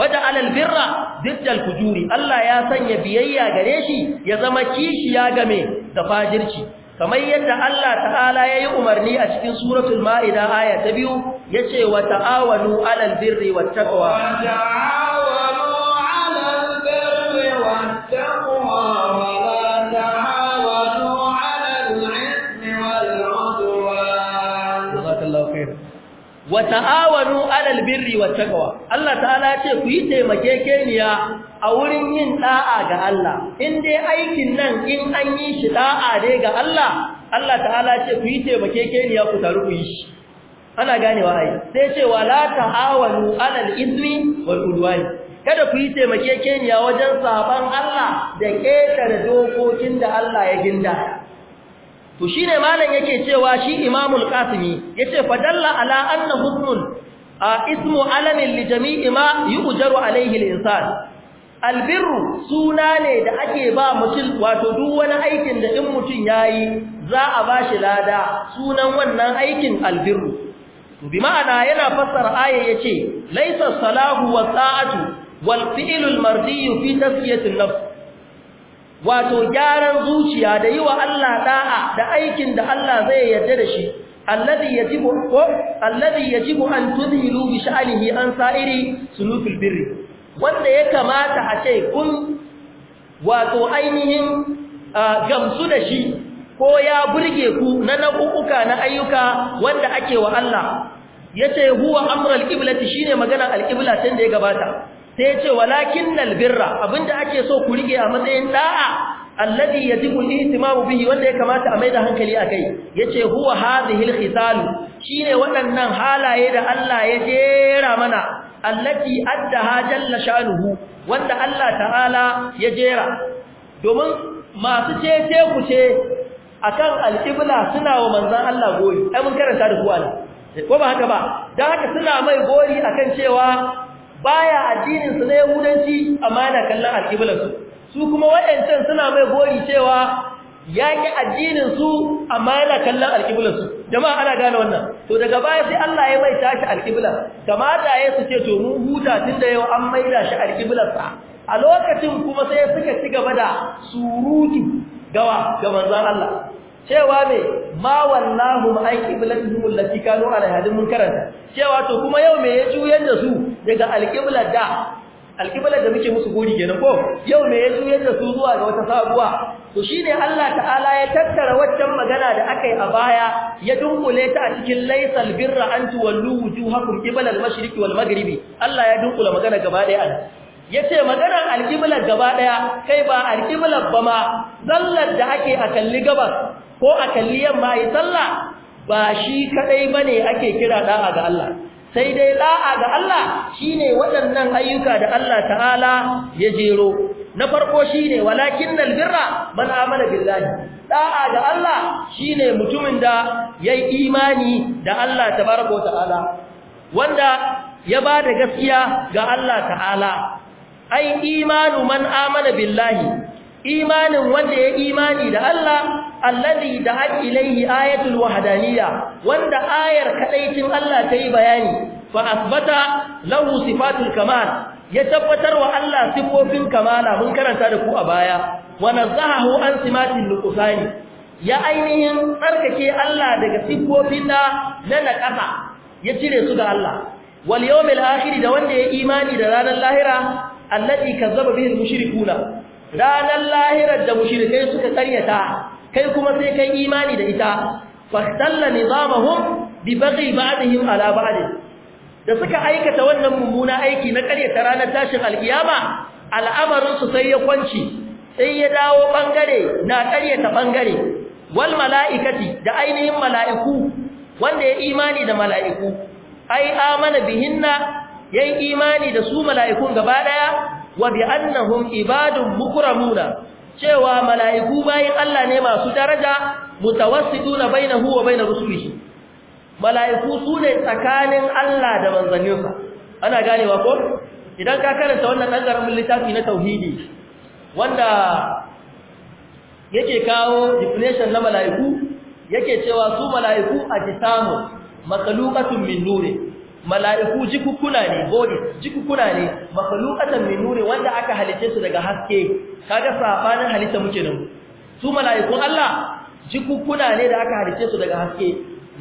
faja alal birra diddal fujuri Allah ya sanya biyayya gare shi ya zama kishiya game da fajirci kamar yadda Allah ta'ala ya yi umarni a cikin suratul ma'ida aya ta biyu ya ce wa ta'awanu alal birri wa taqwa wa ta'awanu alal birri wa taqwa Allah ta'ala ya ce ku yi taimakekeniya a wurin yin ɗa'a ga Allah in dai aikin nan in an yi shi ɗa'a ne ga Allah Allah ta'ala ce ku yi taimakekeniya ku taru ku yi shi ana gane wa ai sai ce lata ta'awanu alal ismi wal udwani kada ku yi taimakekeniya wajen saban Allah da ƙetare dokokin da Allah ya ginda to shine malam yake cewa shi Imamul Qasimi yace fadalla ala anna hukmun ismu alamin li jami'i ma yujaru alaihi al-insan albirru suna ne da ake ba mutum wato duk wani aikin da in mutum yayi za a bashi lada sunan wannan aikin albirru to bi ma'ana yana fassara aya yace laysa salahu wa sa'atu wal fi'lul mardi fi tasfiyatin nafs wato gyaran zuciya da yiwa Allah da'a da aikin da Allah zai yarda da shi alladhi yajibu alladhi yajibu an tudhilu bi sha'nihi an sa'iri sunufil birri wanda ya kamata a ce kun wato ainihin gamsu da shi ko ya burge ku na nau'uka na ayyuka wanda ake wa Allah yace huwa amrul qiblati shine maganar alqibla da ya gabata sai yace walakinnal birra abinda ake so ku rige a matsayin da'a ya ji al-ihtimamu bihi wanda ya kamata a da hankali akai yace huwa hadhihi al-khisalu shine waɗannan halaye da Allah ya jera mana allati addaha jalla shanuhu wanda Allah ta'ala ya jera domin masu cece ku ce akan alqibla suna wa manzon Allah gori ai mun karanta da ala ko ba haka ba dan haka suna mai gori akan cewa baya addinin su ne yahudanci amma yana kallon alqiblar su su kuma wayancan suna mai gori cewa ya yi addinin su amma yana kallon alƙiblar su jama'a ana gane wannan to daga baya sai Allah ya mai tashi alƙibla kamata ya su ce to mun huta tun da yau an maida shi alƙiblar sa a lokacin kuma sai suka ci gaba da surutu gawa ga manzon Allah cewa me ma wallahu ma ai allati kanu alaiha mun karanta cewa to kuma yau me ya juyar da su daga alƙiblar da alkiblar da muke musu guri kenan ko yau me ya juyar da su zuwa ga wata sabuwa to shine Allah ta'ala ya tattara waccan magana da aka yi a baya ya dunkule ta a cikin laysal birra an tuwallu wujuhakum qibala al-mashriqi wal maghribi Allah ya dunkula magana gaba daya yace maganar alkiblar gaba daya kai ba alkiblar ba ma zallar da ake a kalli gabas ko a kalli yamma yi sallah ba shi kadai bane ake kira da'a ga Allah sai dai da'a ga Allah shine waɗannan ayyuka da Allah ta'ala ya jero na farko shine walakinnal birra man amana billahi da'a ga Allah shine mutumin da yayi imani da Allah tabaraka ta'ala wanda ya bada gaskiya ga Allah ta'ala ai imanu man amana billahi imanin wanda ya imani da Allah alladhi da'at ilayhi ayatul wahdaniyya wanda ayar kadaicin Allah ta yi bayani fa asbata lahu sifatul kamal ya tabbatar wa Allah sifofin kamala mun karanta da ku a baya wa nazahahu an simatil nuqsani ya ainihin tsarkake Allah daga sifofin da na nakasa ya cire su ga Allah wal yawmil akhir da wanda ya imani da ranar lahira allati kazzaba bihi al-mushrikuuna ranar lahirar da mushrikai suka karyata kai kuma sai kai imani da ita fastalla nizamahum bi baghi ba'dihim ala ba'd da suka aikata wannan mummuna aiki na karyata ranar tashin alkiyama al'amarin su sai ya kwanci sai ya dawo bangare na karyata bangare wal mala'ikati da ainihin mala'iku wanda ya imani da mala'iku ai amana bihinna yayin imani da su mala'ikun gaba daya wa bi annahum ibadun mukramuna cewa mala'iku bayin Allah ne masu daraja mutawassituna bainahu wa bainar rusulihi mala'iku sune tsakanin Allah da manzanninsa ana ganewa ko idan ka karanta wannan dan garamin littafi na tauhidi wanda yake kawo definition na mala'iku yake cewa su mala'iku kitabu makhluqatun min nurin mala'iku jikukuna ne body jikukuna ne makhluqatan min nuri wanda aka halice su daga haske kaga sabanin halitta muke nan su mala'ikun Allah jikukuna ne da aka halice su daga haske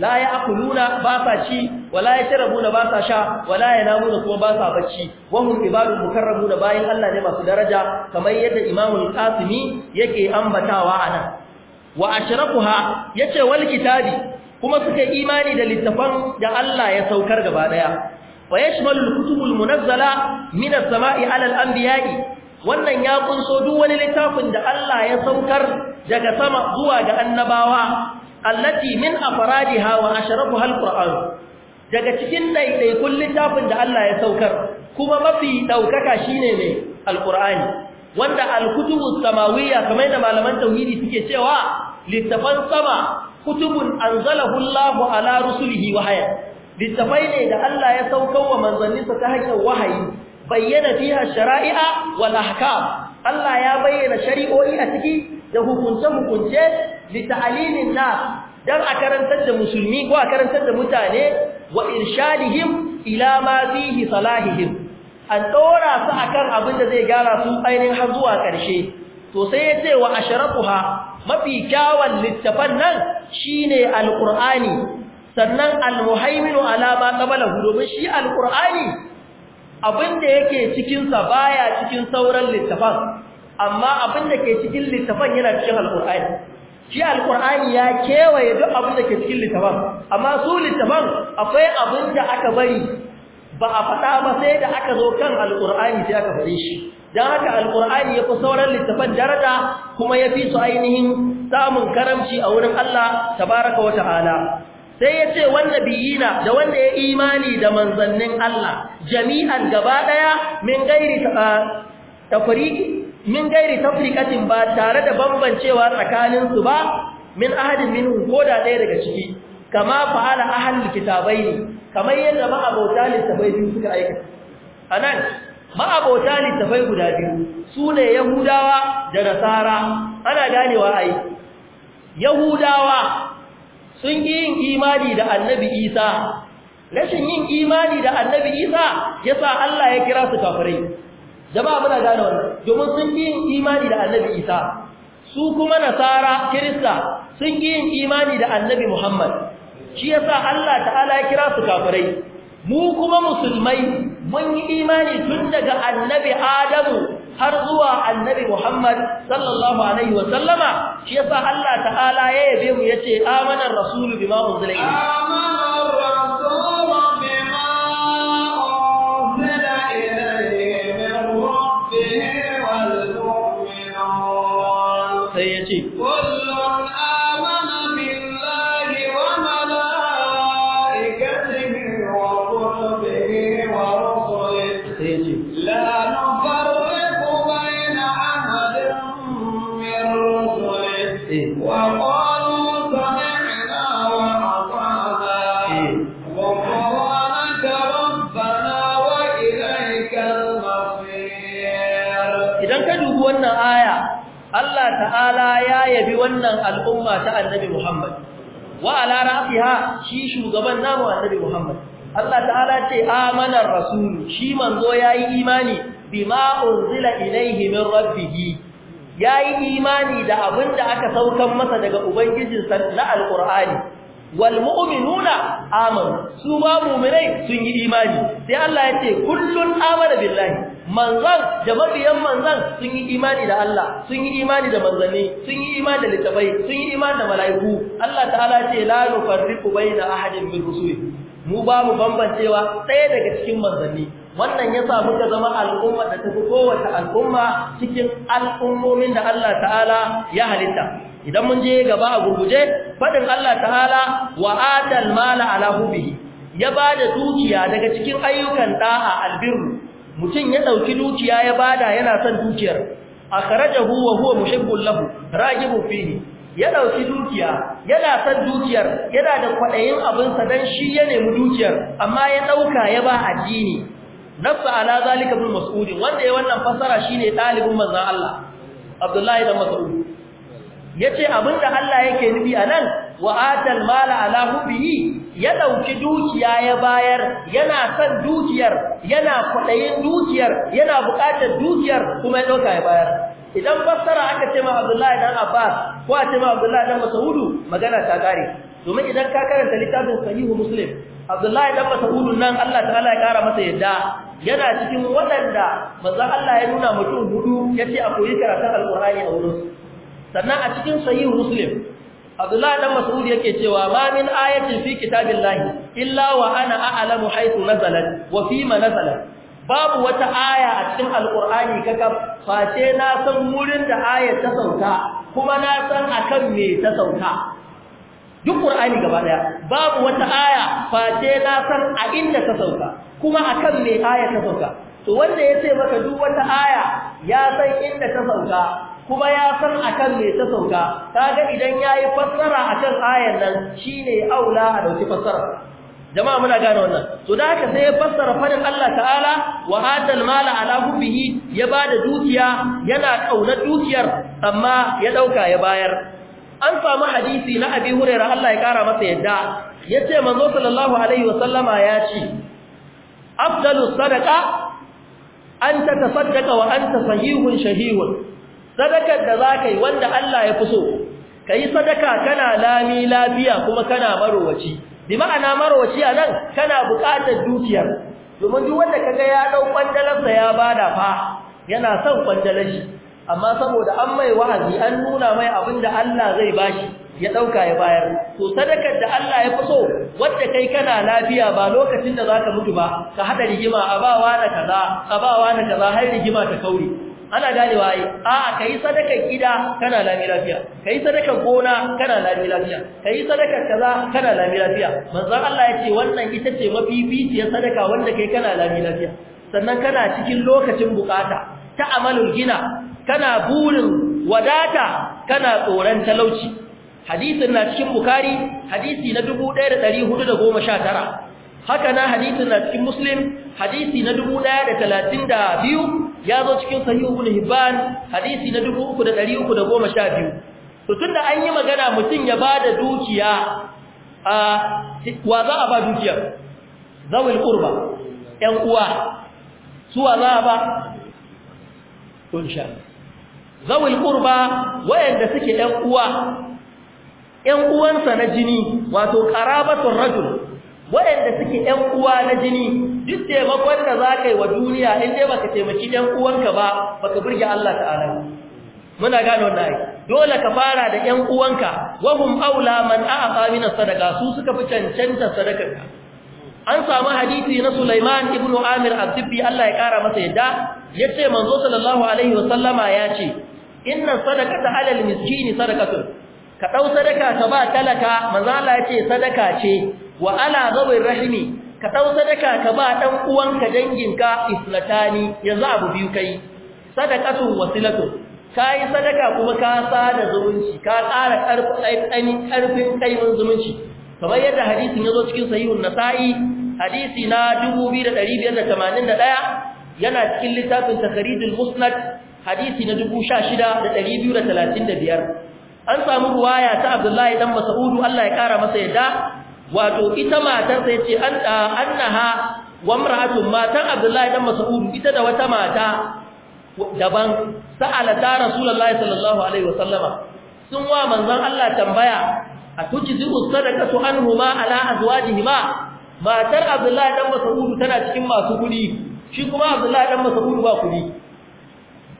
la ya'kuluna ba sa ci wala yashrabuna ba sa sha wala yanamuna kuma ba sa bacci wa hum ibadul mukarramuna bayin Allah ne masu daraja kamar yadda Imamul Qasimi yake ambatawa anan wa ashrafuha yace wal kitabi kuma suka imani da littafan da Allah ya saukar gaba daya wa yashmalu kutubul munazzala min as-sama'i 'ala al-anbiya'i wannan ya kunso duk wani littafin da Allah ya saukar daga sama zuwa ga annabawa allati min afradiha wa ashrafuha al-qur'an daga cikin daidaikun littafin da Allah ya saukar kuma mafi daukaka shine ne al wanda al-kutubus samawiyya kamar da malaman tauhidi suke cewa littafan sama kutubun anzalahu Allahu ala rusulihi wahaya littafai ne da Allah ya saukar wa manzanninsa ta hanyar wahayi bayyana fiha shari'a wal ahkam Allah ya bayyana shari'o'i a ciki da hukunce hukunce li na. nas dan a karantar da musulmi ko a karantar da mutane wa irshadihim ila ma fihi salahihim an dora su akan abin da zai gara su ainihin har zuwa karshe to sai ya ce wa asharatuha mafi kyawun littafan nan shine alqur'ani sannan almuhaiminu alama ma qablahu domin shi alqur'ani abinda yake cikinsa baya cikin sauran littafan amma abinda ke cikin littafan yana cikin alqur'ani shi alqur'ani ya kewaye duk abinda ke cikin littafan amma su littafan akwai abinda aka bari ba a faɗa ba sai da aka zo kan alqur'ani sai aka fare shi don haka alkur'ani ya fi sauran littafan daraja kuma ya fi su ainihin samun karamci a wurin Allah tabaraka wa ta'ala sai ya ce wanda biyina da wanda ya imani da manzannin Allah jami'an gaba ɗaya, min gairi tafrikatin ba tare da bambancewa tsakaninsu ba min ahadin minhu ko da ɗaya daga ciki kama fa'ala ahlul ne kamar yadda ma abota littafai suka aikata ma'abota littafai guda biyu su ne yahudawa da nasara ana ganewa ai yahudawa sun yi yin imani da annabi isa rashin yin imani da annabi isa ya sa allah ya kira su kafirai jama'a muna gane wannan domin sun yi yin imani da annabi isa su kuma nasara kirista sun yi yin imani da annabi muhammad shi ya sa allah ta'ala ya kira su kafirai mu kuma musulmai mun yi imani tun daga annabi Adamu har zuwa annabi Muhammad sallallahu alaihi wa sallama shi yasa Allah ta'ala ya yabe mu yace amanar rasulu bima unzila wannan al'umma ta annabi Muhammad wa ala shi shugaban namu annabi Muhammad Allah ta'ala ce amanar rasulu shi manzo yayi imani bima unzila ilayhi min ya yi imani da da aka saukan masa daga ubangijinsa na alqur'ani wal mu'minuna amanu su ba mu'minai sun yi imani sai Allah ya ce kullun amana billahi manzan da mabiyan manzan sun yi imani da Allah sun yi imani da manzanni sun yi imani da littafai sun yi imani da mala'iku Allah ta'ala ce la nufarriqu baina ahadin min rusuli mu ba mu bambancewa ɗaya daga cikin manzanni wannan yasa muka zama al'umma da tafi kowace al'umma cikin al'ummomin da Allah ta'ala ya halitta idan mun je gaba a gurguje fadin Allah ta'ala wa atal mala ala hubi ya bada dukiya daga cikin ayyukan da'a albirru mutum ya ɗauki dukiya ya bada yana son dukiyar akhrajahu wa huwa huwa mushabbul lahu ragibu fihi ya ɗauki dukiya yana son dukiyar yana da kwadayin abinsa sa dan shi ya nemi dukiyar amma ya ɗauka ya ba addini nafsa ala zalika bil mas'ud wanda ya wannan fasara shine ɗalibin manzon Allah Abdullahi dan Mas'ud yace abinda Allah yake nufi anan wa atal mala ala hubbihi ya ɗauki dukiya ya bayar yana son dukiyar yana kwaɗayin dukiyar yana buƙatar dukiyar kuma ya ɗauka ya bayar idan fassara aka ce ma abdullahi dan abbas ko a ce ma abdullahi dan masaudu magana ta ƙare domin idan ka karanta littafin sahihu muslim abdullahi dan masaudu nan allah ta'ala ya ƙara masa yadda yana cikin waɗanda manzon allah ya nuna mutum hudu ya ce a koyi karatun alƙur'ani a wurin, sannan a cikin sahihu muslim Abdullahi dan Mas'ud yake cewa ma min ayatin fi kitabillahi illa wa ana a'lamu haythu nazalat wa fi ma nazalat babu wata aya a cikin alqur'ani kaka face na san wurin da aya ta sauka kuma na san akan me ta sauka duk qur'ani gaba daya babu wata aya face na san a inda ta sauka kuma akan me aya ta sauka to wanda ya ce maka duk wata aya ya san inda ta sauka kuma ya san akan me ta sauka kaga idan yayi fassara akan ayan nan shine aula a dauki fassara jama'a muna gane wannan to da haka sai ya fassara fadin Allah ta'ala wa hadal mala ala hubbihi ya bada dukiya yana kaunar dukiyar amma ya dauka ya bayar an samu hadisi na Abi Hurairah Allah ya kara masa yadda yace manzo sallallahu alaihi wasallama ya ce afdalus sadaqa an tatasaddaqa wa anta sahihun shahihun sadakar da za ka yi wanda Allah ya fi so ka sadaka kana lami lafiya kuma kana marowaci bi ma'ana marowaci a nan kana buƙatar dukiyar domin duk wanda kaga ya ɗau kwandalarsa ya bada fa yana son kwandalar shi amma saboda an mai wahazi an nuna mai abinda Allah zai bashi ya ɗauka ya bayar to sadakar da Allah ya fi so wanda kai kana lafiya ba lokacin da zaka mutu ba ka haɗa rigima a da kaza abawa na da kaza har rigima ta kaure ana ganewa ai a kai sadakar gida kana lami lafiya kai sadakar gona kana lami lafiya kai sadakar kaza kana lami lafiya manzon Allah yace wannan ita ce mafificiyar sadaka wanda kai kana lami lafiya sannan kana cikin lokacin bukata ta amalul gina kana burin wadata kana tsoron talauci hadisin na cikin bukari hadisi na 1419 haka na hadisin na cikin muslim hadisi na 1032 ya zo cikin sahihu ibn hibban hadisi na 3312 to tunda an yi magana mutum ya bada dukiya a wa za a ba dukiya zawil qurba yan uwa su wa za a ba insha zawil qurba wayanda suke yan uwa yan uwansa na jini wato qarabatul rajul waɗanda suke ‘yan uwa na jini duk taimakon da za ka yi wa duniya in dai ka taimaki ‘yan uwanka ba ba ka burge Allah ta'ala muna gano na yi dole ka fara da ‘yan uwanka wahum aula man a'a amina sadaka su suka fi cancanta sadakarka an samu hadisi na Sulaiman ibn Amir Abdibbi Allah ya kara masa yadda yace manzo sallallahu alaihi wasallama ce, inna sadaqata alal miskini sadakatun. ka dau sadaka ka ba talaka manzo Allah ce sadaka ce wa ana zawin rahimi ka dau sadaka ka ba ɗan uwanka danginka islatani yanzu abu biyu kai sadakatun Wasilatu. ka yi sadaka kuma ka sada zumunci ka ƙara ƙarfin ƙaimin zumunci kamar yadda hadisin ya zo cikin sahihun nasa'i hadisi na 2581 yana cikin littafin takharijul musnad hadisi na 16235 an samu ruwaya ta abdullahi dan mas'udu Allah ya kara masa yadda wato ita sai ce an annaha wa mar'atun matan Abdullahi dan Mas'ud ita da wata mata daban sa'ala ta Rasulullahi sallallahu alaihi wasallama sun wa manzon Allah tambaya a tujizu sadaqatu anhuma ala azwajihima matar Abdullahi dan Mas'ud tana cikin masu kudi shi kuma Abdullahi dan Mas'ud ba kudi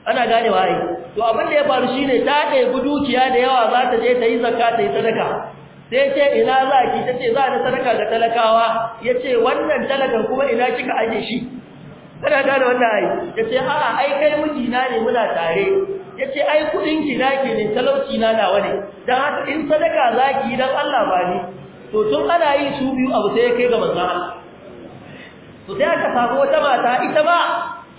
ana ganewa ai to abin da ya faru shine ta ɗebi dukiya da yawa za ta je ta yi zakka ta yi sadaka sai ce ina za ki ta ce za ni sadaka ga talakawa ya ce wannan talakan kuma ina kika aje shi kana gane wannan ai ya ce a'a ai kai mijina ne muna tare ya ce ai kudin ki nake ne talauci na nawa ne dan haka in sadaka za ki dan Allah ba ni to tun ana yi su biyu abu sai ya kai ga manzo to sai aka samu wata mata ita ba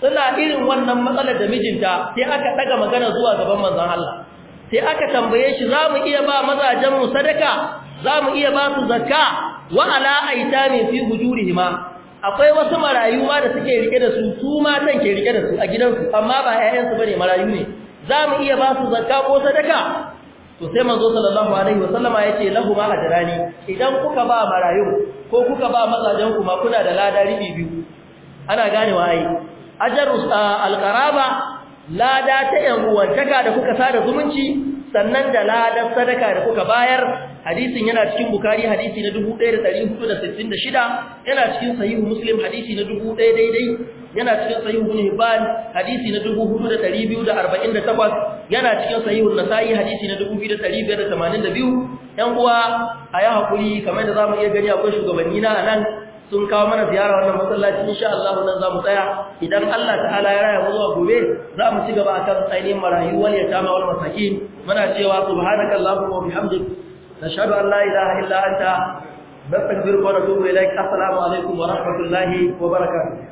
suna irin wannan matsalar da mijinta sai aka daga magana zuwa gaban manzon Allah sai aka tambaye shi za mu iya ba mazajen mu sadaka za mu iya ba su zakka wa ala aitami fi hujurihima akwai wasu marayu ma da suke rike da su su matan ke rike da su a gidansu amma ba ƴaƴansu bane marayu ne za mu iya ba su zakka ko sadaka to sai manzo sallallahu alaihi wasallama yace lahu ma ajrani idan kuka ba marayu ko kuka ba mazajen ku ma kuna da lada ribi biyu ana ganewa ai ajaru alqaraba lada ta yan uwantaka da kuka sada zumunci sannan da ladan sadaka da kuka bayar hadisin yana cikin bukari hadisi na 1466 yana cikin sahihu muslim hadisi na 1000 daidai yana cikin sahihu ibn hibban hadisi na 4248 yana cikin sahihu nasa'i hadisi na 2582 yan uwa a hakuri kamar da zamu iya gani akwai shugabanni na anan sun kawo mana ziyara wannan masallaci insha Allah nan zamu tsaya idan Allah ta'ala ya raya zuwa gobe zamu ci gaba akan ainihin marayu wal yatama wal masakin muna cewa subhanakallahumma wa bihamdik nashhadu an la ilaha illa anta nastaghfiruka wa natubu ilaik assalamu alaikum wa rahmatullahi wa barakatuh